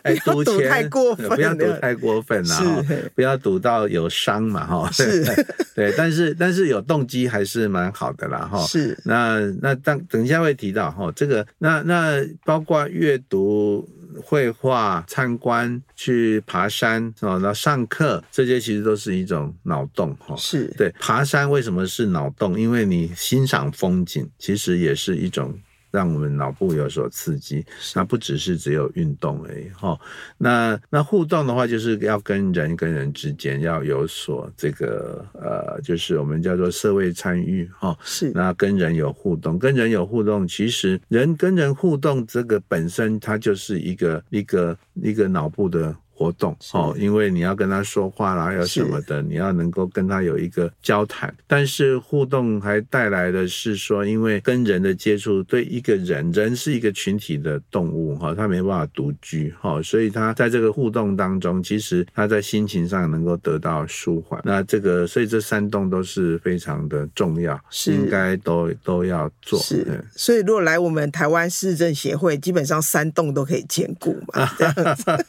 哎，賭錢不要賭太過分了，不要賭是到有傷嘛哈。對是，對，但是但是有動機還是蠻好的啦哈。是，那那等等一下會提到哈，這個那那包括閱讀。繪畫、參觀、去爬山啊，那上課這些其實都是一種腦洞哈。是對，爬山為什麼是腦洞？因為你欣賞風景，其實也是一種。讓我們腦部有所刺激，那不只是只有運動而已哈、哦。那那互動的話，就是要跟人跟人之間要有所這個呃，就是我們叫做社會參與哈。哦、是，那跟人有互動，跟人有互動，其實人跟人互動這個本身，它就是一個一個一個腦部的。活動哦，因為你要跟他說話啦，要什麼的，是你要能夠跟他有一個交談。但是互動還帶來的是說，因為跟人的接觸，對一個人，人是一個群體的動物哈，他沒辦法獨居哈，所以他在這個互動當中，其實他在心情上能夠得到舒緩。那這個，所以這三動都是非常的重要，是應該都都要做。是，對所以如果來我們台灣失智症協會，基本上三動都可以兼顧嘛。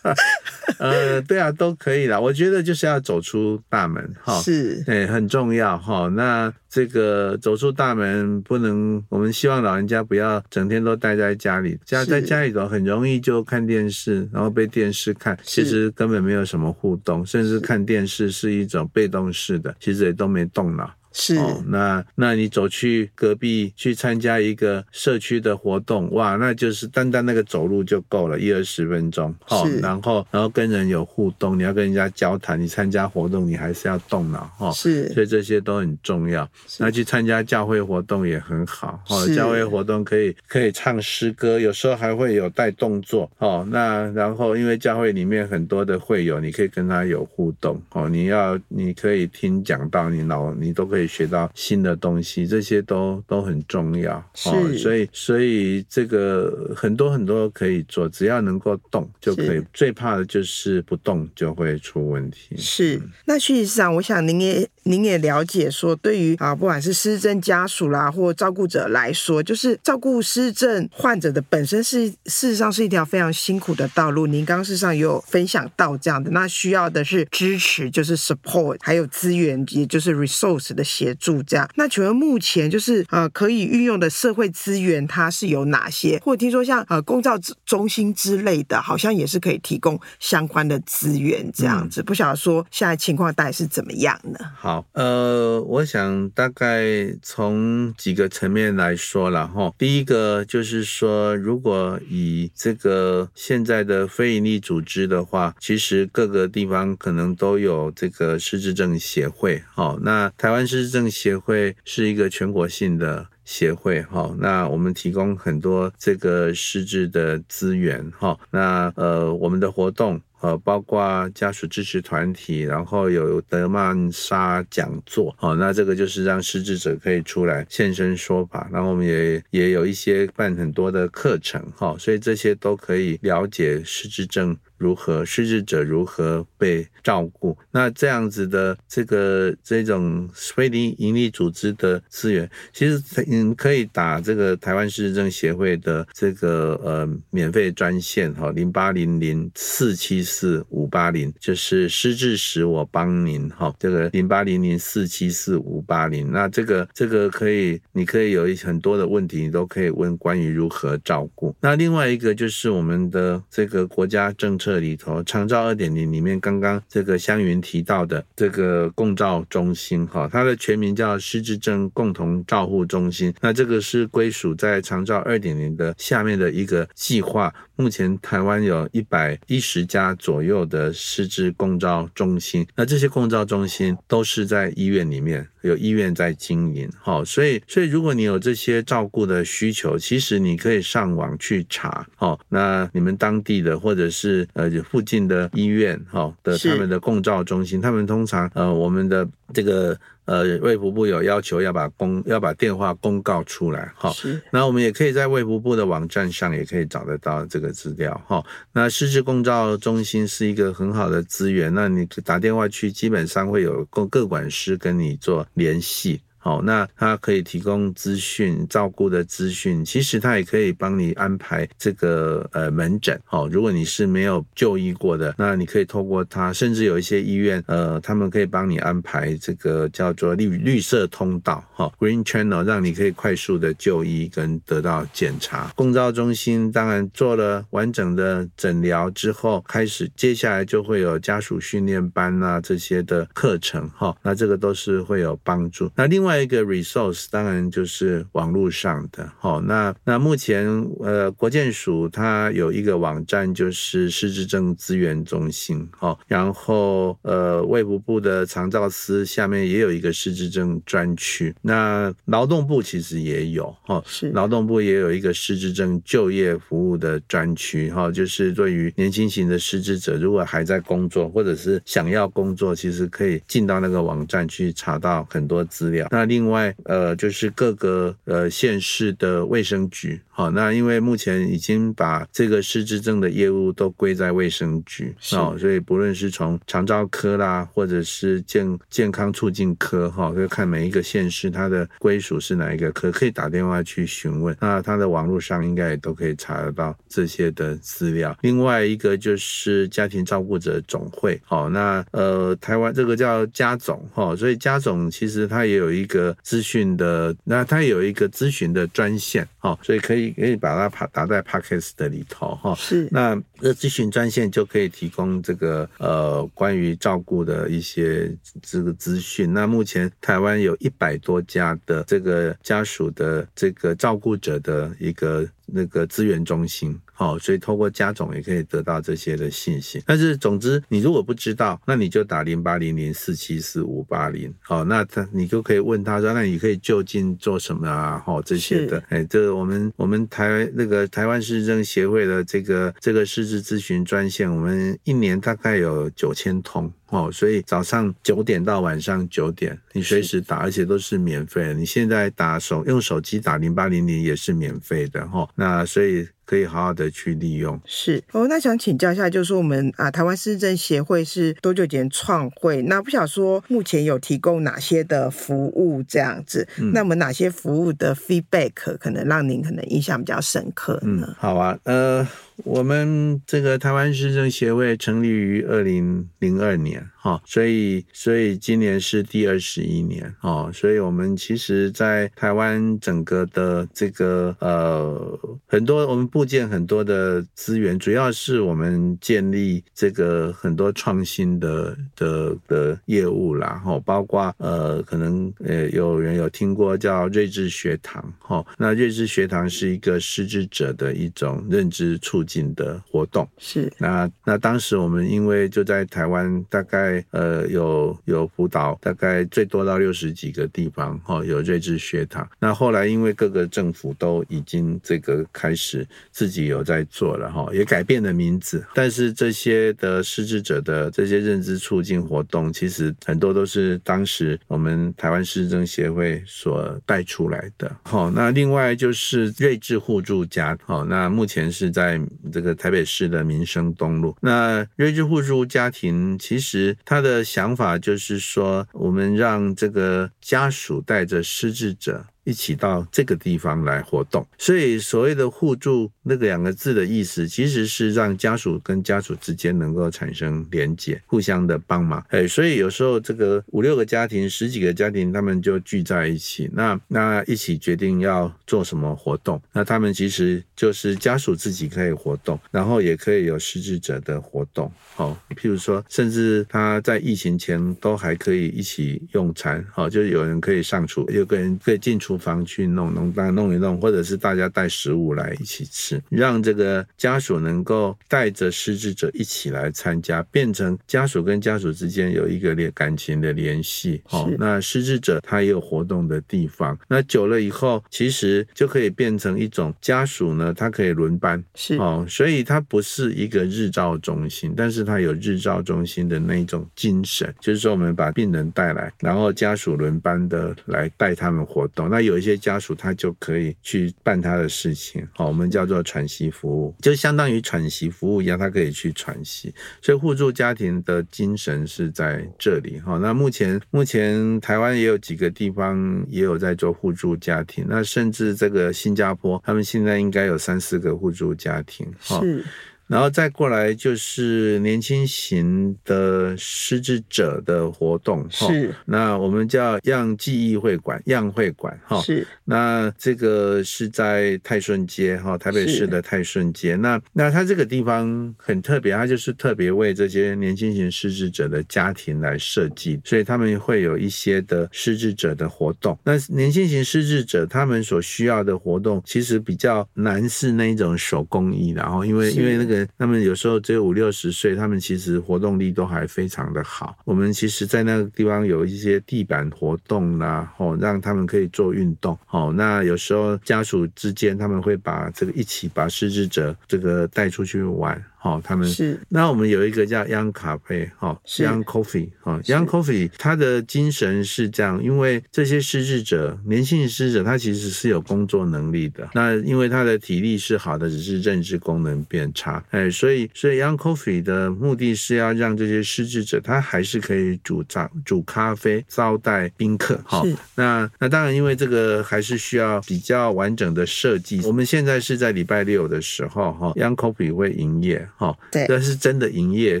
呃，對啊，都可以啦。我覺得就是要走出大門，哈對，是，哎，很重要哈。那這個走出大門不能，我們希望老人家不要整天都待在家裡，家在家裡頭很容易就看電視，然後被電視看，其實根本沒有什麼互動，甚至看電視是一種被動式的，其實也都沒動腦。是，哦、那那你走去隔壁去參加一個社區的活動，哇，那就是單單那個走路就夠了，一二十分鐘，哈、哦，是然後然後跟人有互動，你要跟人家交談，你參加活動你還是要動腦，哦，是，所以這些都很重要。是那去參加教會活動也很好，哦，是教會活動可以可以唱詩歌，有時候還會有帶動作，哦，那然後因為教會裡面很多的會友，你可以跟他有互動，哦，你要你可以聽講道你腦你都可以學到新的東西，這些都都很重要。是、哦，所以所以這個很多很多可以做，只要能夠動就可以。是最怕的就是不動就會出問題。是，那事實上，我想您也您也了解說，對於啊不管是失智家屬啦，或照顧者來說，就是照顧失智患者的本身是事實上是一條非常辛苦的道路。您剛，剛事實上也有分享到這樣的，那需要的是支持，就是 support，還有資源，也就是 resource 的。協助這樣，那請問目前就是呃可以運用的社會資源它是有哪些？或者聽說像呃公照中心之類的，好像也是可以提供相關的資源這樣子。嗯、不曉得說現在情況大概是怎麼樣呢？好，呃，我想大概從幾個層面來說了哈。第一個就是說，如果以這個現在的非營利組織的話，其實各個地方可能都有這個失智症協會。好，那台灣是。失智症協會是一個全國性的協會哈，那我們提供很多這個失智的資源哈，那呃我們的活動呃包括家屬支持團體，然後有德曼莎講座哈，那這個就是讓失智者可以出來現身說法，然後我們也也有一些辦很多的課程哈，所以這些都可以了解失智症。如何失智者如何被照顧？那這樣子的這個這種非利營利組織的資源，其實嗯可以打這個台灣失智症協會的這個呃免費專線哈，零八零零四七四五八零，80, 就是失智時我幫您哈，這個零八零零四七四五八零。80, 那這個這個可以，你可以有一很多的問題，你都可以問關於如何照顧。那另外一個就是我們的這個國家政策。這裡頭長照二點零裡面，剛剛這個湘雲提到的這個共照中心，哈，它的全名叫失智症共同照護中心。那這個是歸屬在長照二點零的下面的一個計劃。目前台灣有一百一十家左右的失智共照中心，那這些共照中心都是在醫院裡面。有醫院在經營，好，所以，所以如果你有這些照顧的需求，其實你可以上網去查，好，那你們當地的或者是呃附近的醫院，好，的他們的共照中心，是他們通常呃我們的這個。呃，衛福部有要求要把公要把電話公告出來，哈是、哦，那我們也可以在衛福部的網站上也可以找得到這個資料，哈、哦。那失智共照中心是一個很好的資源，那你打電話去，基本上會有個個管師跟你做聯繫。好，那他可以提供資訊，照顧的資訊，其實他也可以幫你安排這個呃門診。好、哦，如果你是沒有就醫過的，那你可以透過他，甚至有一些醫院呃，他們可以幫你安排這個叫做綠綠色通道哈、哦，Green Channel，讓你可以快速的就醫跟得到檢查。共照中心當然做了完整的診療之後，開始接下來就會有家屬訓練班啊這些的課程哈、哦，那這個都是會有幫助。那另外。另外一個 resource 當然就是網絡上的哈，那那目前呃國建署它有一個網站就是失智症資源中心哈，然後呃衛福部的長照司下面也有一個失智症專區，那勞動部其實也有哈，是勞動部也有一個失智症就業服務的專區哈，是就是對於年輕型的失智者如果還在工作或者是想要工作，其實可以進到那個網站去查到很多資料那，那另外呃就是各個呃縣市的衛生局，好，那因為目前已經把這個失智症的業務都歸在衛生局，是哦，所以不論是從長照科啦，或者是健健康促進科，哈、哦，就看每一個縣市它的歸屬是哪一個科，可以打電話去詢問，那它的網絡上應該也都可以查得到這些的資料。另外一個就是家庭照顧者總會，好，那呃台灣這個叫家總，哈、哦，所以家總其實它也有一。一個資訊的，那它有一個諮詢的專線，哈，所以可以可以把它打打在 Podcast 的裡頭，哈。是，那這個諮詢專線就可以提供這個呃關於照顧的一些這個資訊。那目前台灣有一百多家的這個家屬的這個照顧者的一個。那個資源中心，好、哦，所以透過家總也可以得到這些的信息。但是總之，你如果不知道，那你就打零八零零四七四五八零，好，那他你就可以問他說，那你可以就近做什麼啊？好、哦，這些的，哎是、欸，這個我們我們台灣那個台灣失智症協會的這個這個失智症諮詢專線，我們一年大概有九千通。哦，所以早上九點到晚上九點，你隨時打，是而且都是免費。你現在打手用手機打零八零零也是免費的哈，哦。那所以可以好好的去利用。是哦，那想請教一下，就是我們啊，台灣市政協會是多久前創會？那不想說目前有提供哪些的服務這樣子？嗯，那我們哪些服務的 feedback 可能讓您可能印象比較深刻呢？呢，嗯。好啊。呃。我們這個台灣失智症協會成立於二零零二年。哈，所以所以今年是第二十一年。哦，所以我們其實在台灣整個的這個呃很多我們布建很多的資源，主要是我們建立這個很多創新的的的業務啦，哈，包括呃可能呃有人有聽過叫瑞智學堂，哈，那瑞智學堂是一個失智者的一種認知促進。的活動是，那那當時我們因為就在台灣大概呃有有輔導大概最多到六十幾個地方哦。有瑞智學堂，那後來因為各個政府都已經這個開始自己有在做了哈、哦、也改變了名字，但是這些的失智者的這些認知促進活動其實很多都是當時我們台灣失智症協會所帶出來的哈、哦、那另外就是瑞智互助家哈、哦、那目前是在。這個台北市的民生東路，那瑞智互助家庭，其實他的想法就是說，我們讓這個家屬帶着失智者。一起到這個地方來活動，所以所謂的互助那個兩個字的意思，其實是讓家屬跟家屬之間能夠產生連結，互相的幫忙。哎，所以有時候這個五六個家庭、十幾個家庭，他們就聚在一起，那那一起決定要做什麼活動。那他們其實就是家屬自己可以活動，然後也可以有失智者的活動。好，譬如說，甚至他在疫情前都還可以一起用餐。好，就是有人可以上廚，有個人可以進廚。不妨去弄弄，大家弄一弄，或者是大家帶食物來一起吃，讓這個家屬能夠帶着失智者一起來參加，變成家屬跟家屬之間有一個聯感情的聯繫。哦是，那失智者他也有活動的地方，那久了以後，其實就可以變成一種家屬呢，他可以輪班是哦，所以他不是一個日照中心，但是他有日照中心的那一種精神，就是說我們把病人帶來，然後家屬輪班的來帶他們活動，那。有一些家屬，他就可以去辦他的事情。好，我們叫做喘息服務，就相當於喘息服務一樣，他可以去喘息。所以互助家庭的精神是在這裡。好，那目前目前台灣也有幾個地方也有在做互助家庭，那甚至這個新加坡，他們現在應該有三四個互助家庭。是。然後再過來就是年輕型的失智者的活動，是，那我們叫 Young 記憶會館、Young 會館哈。是，那這個是在泰順街哈，台北市的泰順街。是那，那它這個地方很特別，它就是特別為這些年輕型失智者的家庭來設計，所以他們會有一些的失智者的活動。那年輕型失智者他們所需要的活動，其實比較難，是那一種手工藝，然後因為是因為那個。他們有時候只有五六十歲，他們其實活動力都還非常的好。我們其實，在那個地方有一些地板活動啦，哦，讓他們可以做運動。好，那有時候家屬之間他們會把這個一起把失智者這個帶出去玩。好，他們是。那我們有一個叫 Young Cafe，哈、oh, 是，Young Coffee，哈、oh, 是，Young Coffee，它的精神是這樣，因為這些失智者、年輕失智者，他其實是有工作能力的。那因為他的體力是好的，只是認知功能變差，哎、欸，所以，所以 Young Coffee 的目的，是要讓這些失智者，他還是可以煮茶、煮咖啡，招待賓客，哈是。Oh, 那，那當然，因為這個還是需要比較完整的設計。我們現在是在禮拜六的時候，哈、oh,，Young Coffee 會營業。哦，對，那是真的營業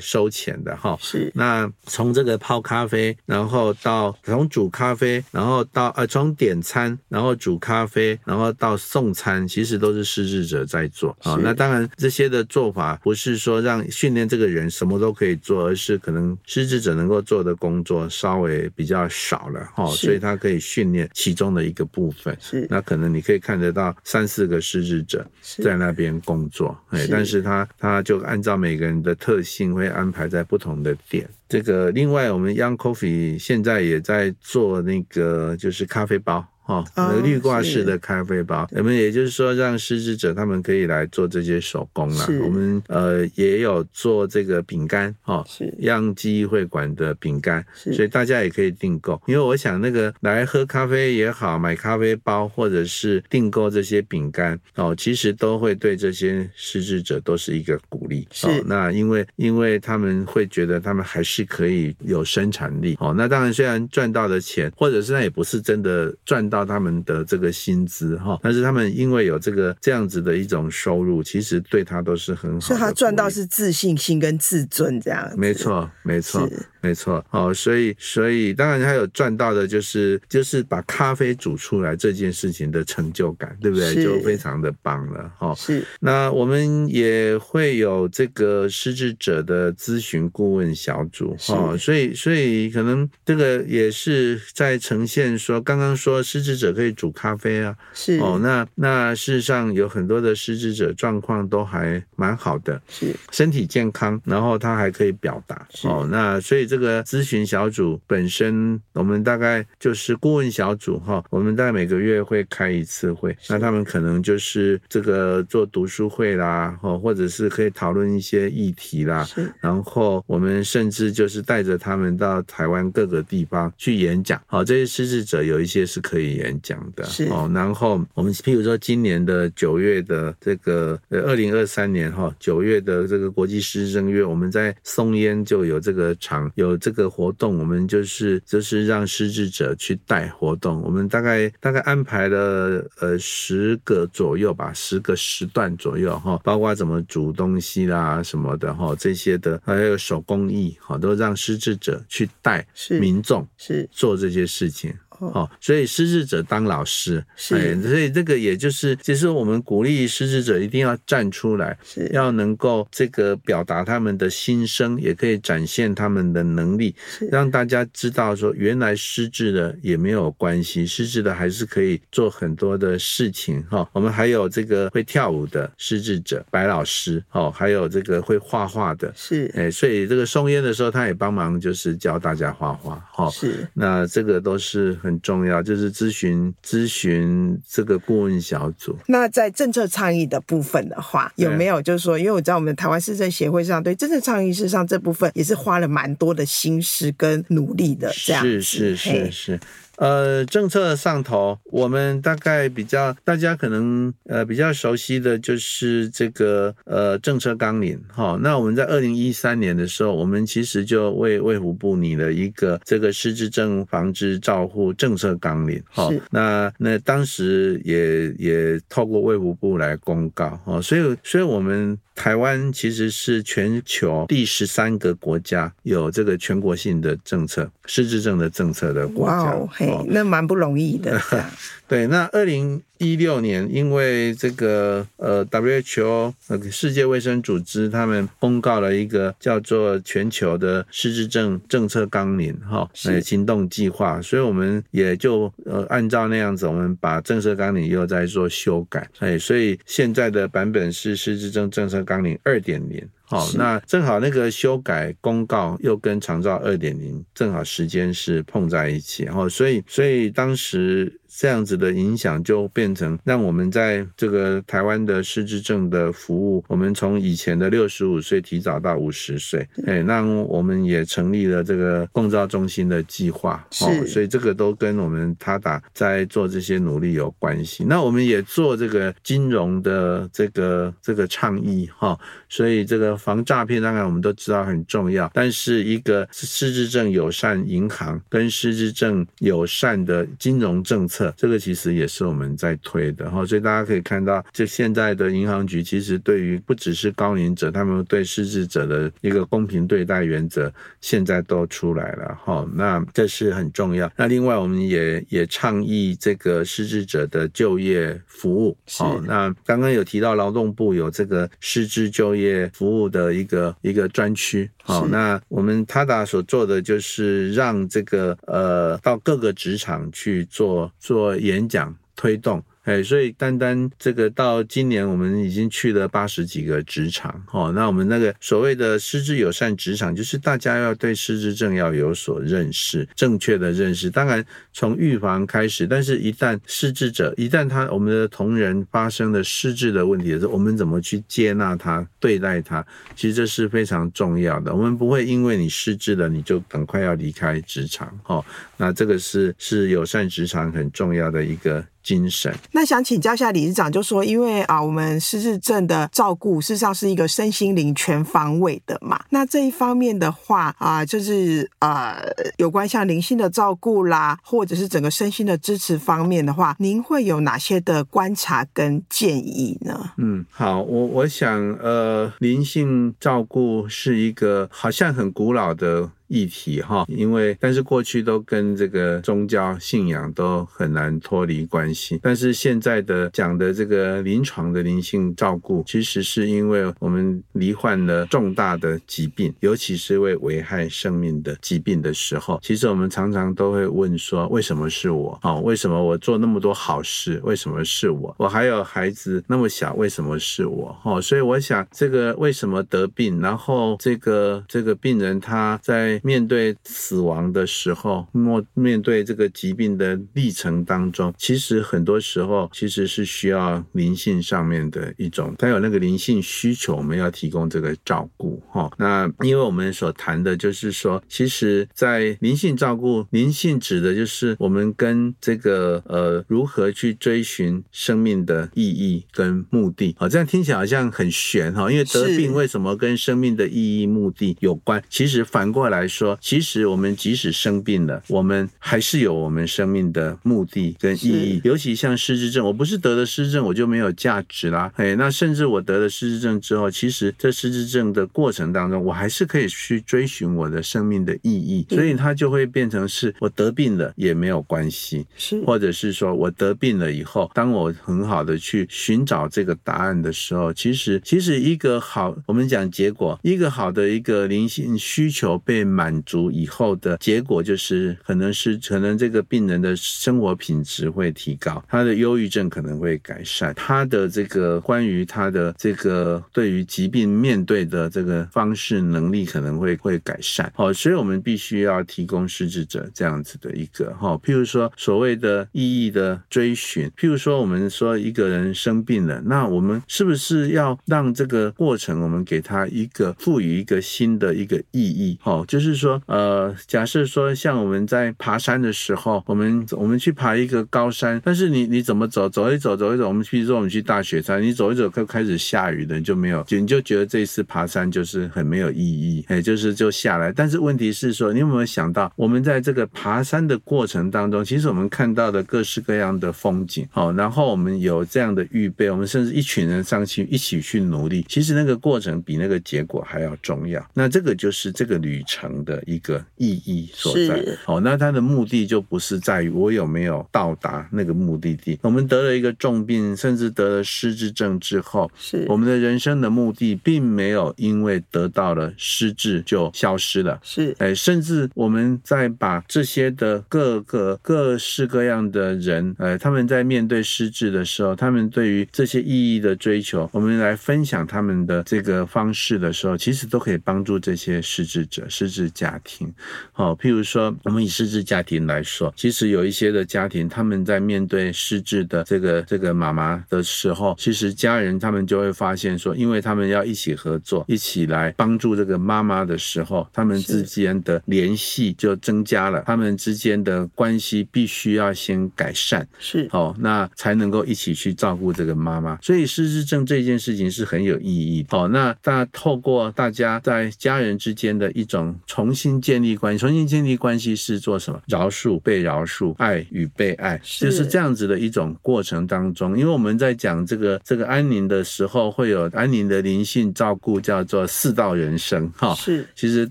收錢的哈。是。那從這個泡咖啡，然後到從煮咖啡，然後到呃從點餐，然後煮咖啡，然後到送餐，其實都是失智者在做。好是，那當然這些的做法不是說讓訓練這個人什麼都可以做，而是可能失智者能夠做的工作稍微比較少了哈，是所以他可以訓練其中的一個部分。是。那可能你可以看得到三四個失智者在那邊工作，哎是，但是他他就。按照每個人的特性，會安排在不同的點。這個另外，我們 Young Coffee 現在也在做那個，就是咖啡包。哦，濾掛式的咖啡包，我們、哦、也就是說，讓失智者他們可以來做這些手工了。是我們呃也有做這個餅乾，哦，是，讓記憶會館的餅乾，是，所以大家也可以訂購。是因為我想，那個來喝咖啡也好，買咖啡包，或者是訂購這些餅乾，哦，其實都會對這些失智者都是一個鼓勵。是哦，那因為因為他們會覺得他們還是可以有生產力，哦，那當然雖然賺到的錢，或者是那也不是真的賺到的錢。他們的這個薪資哈，但是他們因為有這個這樣子的一種收入，其實對他都是很好。所以，他賺到是自信心跟自尊這樣子。沒錯，是沒錯，沒錯。哦，所以，所以當然他有賺到的就是，就是把咖啡煮出來這件事情的成就感，對不對？是就非常的棒了。哦，是。那我們也會有這個失智者的諮詢顧問小組哈，是所以，所以可能這個也是在呈現說，剛剛說失智。失智者可以煮咖啡啊，是哦，那那事實上有很多的失智者狀況都還蠻好的，是身體健康，然後他還可以表達，是哦，那所以這個諮詢小組本身，我們大概就是顧問小組哈，我們大概每個月會開一次會，是那他們可能就是這個做讀書會啦，哦，或者是可以討論一些議題啦，是，然後我們甚至就是帶着他們到台灣各個地方去演講，好，哦，這些失智者有一些是可以演講的哦，是然後我們譬如說今年的九月的這個呃二零二三年，哈九月的這個國際失智月，我們在松菸就有這個場有這個活動，我們就是就是讓失智者去帶活動，我們大概大概安排了呃十個左右吧，十個時段左右哈，包括怎麼煮東西啦什麼的哈這些的還有手工藝哈，都讓失智者去帶民眾是做這些事情。哦，所以失智者當老師，是、哎，所以這個也就是，其實我們鼓勵失智者一定要站出來，是，要能夠這個表達他們的心聲，也可以展現他們的能力，是，讓大家知道說，原來失智的也沒有關係，失智的還是可以做很多的事情。哈、哦，我們還有這個會跳舞的失智者白老師，哦，還有這個會畫畫的，是，哎，所以這個松菸的時候，他也幫忙就是教大家畫畫，哈、哦，是，那這個都是很。很重要，就是諮詢諮詢這個顧問小組。那在政策倡議的部分的話，啊、有沒有就是說，因為我知道我們台灣失智症協會上對政策倡議事實上這部分也是花了蠻多的心思跟努力的，這樣子是是是是。Hey 是呃，政策上頭，我們大概比較大家可能呃比較熟悉的就是這個呃政策綱領哈、哦。那我們在二零一三年的時候，我們其實就為衛福部擬了一個這個失智症防治照護政策綱領哈。哦、是那那當時也也透過衛福部來公告哈、哦。所以所以我們台灣其實是全球第十三個國家有這個全國性的政策失智症的政策的國家。Wow, hey. 那蠻不容易的， 對。那20一六年，因為這個呃，WHO 呃世界衛生組織他們公告了一個叫做全球的失智症政策綱領哈，齁是行動計劃，所以我們也就呃按照那樣子，我們把政策綱領又再做修改，欸，所以現在的版本是失智症政策綱領二點零，好是，那正好那個修改公告又跟長照二點零正好時間是碰在一起，然後所以所以當時。這樣子的影響就變成讓我們在這個台灣的失智症的服務，我們從以前的六十五歲提早到五十歲，哎，那我們也成立了這個共照中心的計劃，哦，所以這個都跟我們他打在做這些努力有關係。那我們也做這個金融的這個這個倡議哈，所以這個防詐騙當然我們都知道很重要，但是一個失智症友善銀行跟失智症友善的金融政策。這個其實也是我們在推的哈，所以大家可以看到，就現在的銀行局其實對於不只是高齡者，他們對失智者的一個公平對待原則，現在都出來了哈。那這是很重要。那另外，我們也也倡議這個失智者的就業服務。是。那剛剛有提到勞動部有這個失智就業服務的一個一個專區。好、哦，那我們 TADA 所做的就是讓這個呃，到各個職場去做做演講，推動。哎、欸，所以單單這個到今年，我們已經去了八十幾個職場。哦，那我們那個所謂的失智友善職場，就是大家要對失智症要有所認識，正確的認識。當然，從預防開始。但是，一旦失智者，一旦他我們的同仁發生了失智的問題的時候，我們怎麼去接納他、對待他？其實這是非常重要的。我們不會因為你失智了，你就很快要離開職場。哦，那這個是是友善職場很重要的一個。精神。那想請教一下理事長，就說因為啊，我們失智症的照顧事實上是一個身心靈全方位的嘛。那這一方面的話啊，就是呃、啊，有關像靈性的照顧啦，或者是整個身心的支持方面的話，您會有哪些的觀察跟建議呢？嗯，好，我我想呃，靈性照顧是一個好像很古老的。議題哈，因為但是過去都跟這個宗教信仰都很難脫離關係，但是現在的講的這個臨床的靈性照顧，其實是因為我們罹患了重大的疾病，尤其是為危害生命的疾病的時候，其實我們常常都會問說，為什麼是我哦？為什麼我做那麼多好事？為什麼是我？我還有孩子那麼小，為什麼是我？哦，所以我想這個為什麼得病，然後這個這個病人他在。面對死亡的時候，莫面對這個疾病的歷程當中，其實很多時候其實是需要靈性上面的一種，他有那個靈性需求，我們要提供這個照顧哈。那因為我們所談的就是說，其實在靈性照顧，靈性指的就是我們跟這個呃如何去追尋生命的意義跟目的啊。這樣聽起來好像很玄哈，因為得病為什麼跟生命的意義目的有關？是其實反過來。說，其實我們即使生病了，我們還是有我們生命的目的跟意義。是尤其像失智症，我不是得了失智症，我就沒有價值啦。哎，那甚至我得了失智症之後，其實，在失智症的過程當中，我還是可以去追尋我的生命的意義。所以，它就會變成是我得病了也沒有關係，是，或者是說我得病了以後，當我很好的去尋找這個答案的時候，其實其實一個好，我們講結果，一個好的一個靈性需求被。滿足以後的結果就是，可能是可能這個病人的生活品質會提高，他的憂鬱症可能會改善，他的這個關於他的這個對於疾病面對的這個方式能力可能會會改善。好，所以我們必須要提供失智者這樣子的一個哈，譬如說所謂的意義的追尋，譬如說我們說一個人生病了，那我們是不是要讓這個過程我們給他一個賦予一個新的一個意義？好，就是。就是說，呃，假設說像我們在爬山的時候，我們我們去爬一個高山，但是你你怎麼走，走一走，走一走，我們去說我們去大雪山，你走一走，開開始下雨了，你就沒有，你就覺得這一次爬山就是很沒有意義，哎、欸，就是就下來。但是問題是說，你有沒有想到，我們在這個爬山的過程當中，其實我們看到的各式各樣的風景，哦，然後我們有這樣的預備，我們甚至一群人上去一起去努力，其實那個過程比那個結果還要重要。那這個就是這個旅程。的一個意義所在，哦是，oh, 那它的目的就不是在於我有沒有到達那個目的地。我們得了一個重病，甚至得了失智症之後，是我們的人生的目的，並沒有因為得到了失智就消失了。是，哎，甚至我們在把這些的各個各式各樣的人，呃、哎，他們在面對失智的時候，他們對於這些意義的追求，我們來分享他們的這個方式的時候，其實都可以幫助這些失智者，失智。家庭，好，譬如說，我們以失智家庭來說，其實有一些的家庭，他們在面對失智的這個這個媽媽的時候，其實家人他們就會發現說，因為他們要一起合作，一起來幫助這個媽媽的時候，他們之間的聯繫就增加了，是他們之間的關係必須要先改善，是好、哦。那才能夠一起去照顧這個媽媽。所以失智症這件事情是很有意義的。好、哦，那大家透過大家在家人之間的一種重新建立關係，重新建立關係是做什麼？饒恕、被饒恕、愛與被愛，是就是這樣子的一種過程當中。因為我們在講這個這個安寧的時候，會有安寧的靈性照顧，叫做四道人生哈。齁是，其實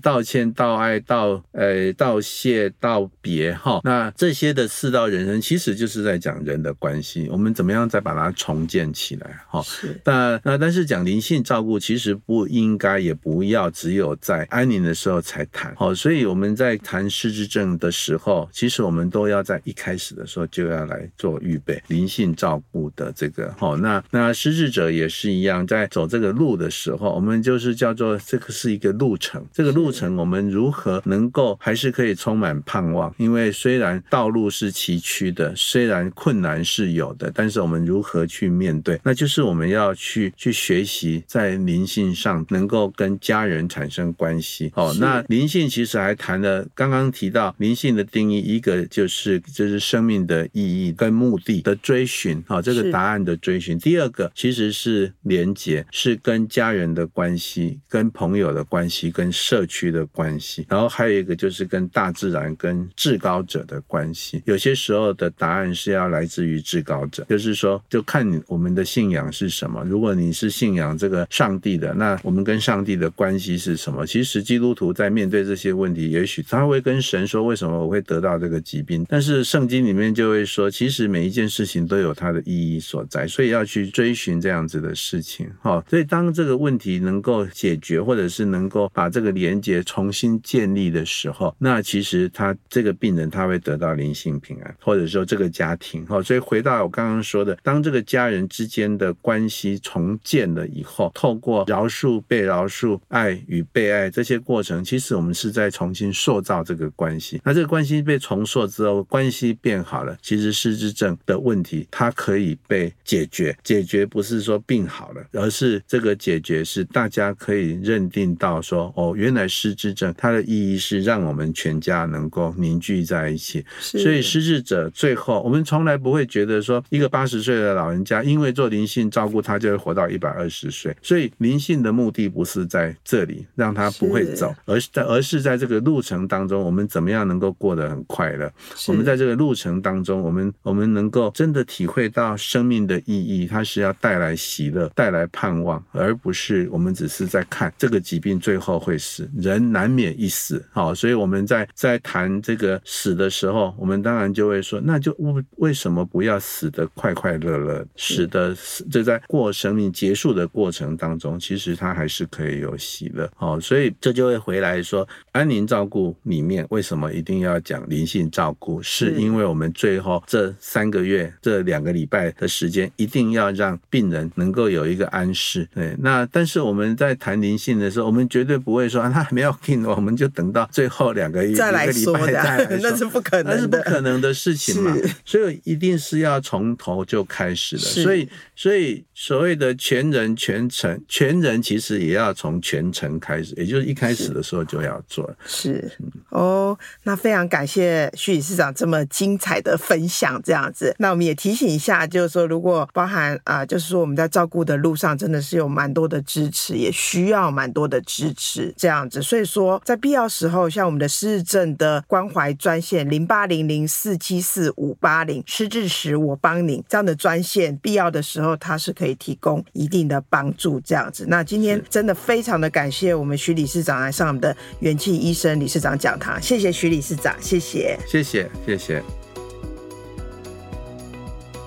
道歉、道愛、道、欸、道、呃、道謝、道別哈。那這些的四道人生，其實就是在講人的關係，我們怎麼樣再把它重建起來哈。齁是。那那但是講靈性照顧，其實不應該也不要只有在安寧的時候才。談好、哦，所以我們在談失智症的時候，其實我們都要在一開始的時候就要來做預備靈性照顧的這個好、哦。那那失智者也是一樣，在走這個路的時候，我們就是叫做這個是一個路程，這個路程我們如何能夠還是可以充滿盼望？因為雖然道路是崎嶇的，雖然困難是有的，但是我們如何去面對？那就是我們要去去學習，在靈性上能夠跟家人產生關係。哦，那靈。靈性其實還談了剛剛提到靈性的定義，一個就是就是生命的意義跟目的的追尋啊，這個答案的追尋。是第二個其實是連接，是跟家人的關係、跟朋友的關係、跟社區的關係，然後還有一個就是跟大自然、跟至高者的關係。有些時候的答案是要來自於至高者，就是說，就看你我們的信仰是什麼。如果你是信仰這個上帝的，那我們跟上帝的關係是什麼？其實基督徒在面對這些問題，也許他會跟神說：“為什麼我會得到這個疾病？”但是聖經裡面就會說：“其實每一件事情都有它的意義所在，所以要去追尋這樣子的事情。”好，所以當這個問題能夠解決，或者是能夠把這個連接重新建立的時候，那其實他這個病人他會得到靈性平安，或者說這個家庭。好，所以回到我剛剛說的，當這個家人之間的關係重建了以後，透過饒恕、被饒恕、愛與被愛這些過程，其實。我們是在重新塑造這個關係，那這個關係被重塑之後，關係變好了，其實失智症的問題它可以被解決。解決不是說病好了，而是這個解決是大家可以認定到說，哦，原來失智症它的意義是讓我們全家能夠凝聚在一起。是啊，所以失智者最後，我們從來不會覺得說，一個八十歲的老人家因為做靈性照顧他就會活到一百二十歲。所以靈性的目的不是在這裡讓他不會走，是啊，而是在。而是在這個路程當中，我們怎麼樣能夠過得很快樂？是我們在這個路程當中，我們我們能夠真的體會到生命的意義，它是要帶來喜樂、帶來盼望，而不是我們只是在看這個疾病最後會死。人難免一死，好，所以我們在在談這個死的時候，我們當然就會說，那就為什麼不要死得快快樂樂？死得死就在過生命結束的過程當中，其實它還是可以有喜樂。好，所以這就會回來說，安寧照顧裡面為什麼一定要講靈性照顧？是因為我們最後這三個月、這兩個禮拜的時間，一定要讓病人能夠有一個安適。對，那但是我們在談靈性的時候，我們絕對不會說他還、啊、沒有病，我們就等到最後兩個月、兩、啊、個禮拜再來說 那是不可能，那是不可能的事情嘛。是所以一定是要從頭就開始了。是所以，所以所謂的全人全程，全人其實也要從全程開始，也就是一開始的時候就。不要做是哦，那非常感謝徐理事長這麼精彩的分享，這樣子。那我們也提醒一下，就是說，如果包含啊，就是說我們在照顧的路上，真的是有蠻多的支持，也需要蠻多的支持，這樣子。所以說，在必要時候，像我們的失智症的關懷專線零八零零四七四五八零，失智時我幫您這樣的專線，必要的時候，它是可以提供一定的幫助，這樣子。那今天真的非常的感謝我們徐理事長來上我們的。元氣醫生理事長講堂，謝謝徐理事長，謝謝，謝謝，謝謝，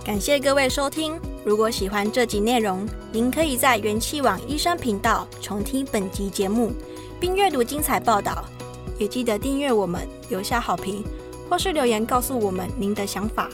感謝各位收聽。如果喜歡這集內容，您可以在元氣網醫生頻道重聽本集節目，並閱讀精彩報道。也記得訂閱我們，留下好評，或是留言告訴我們您的想法。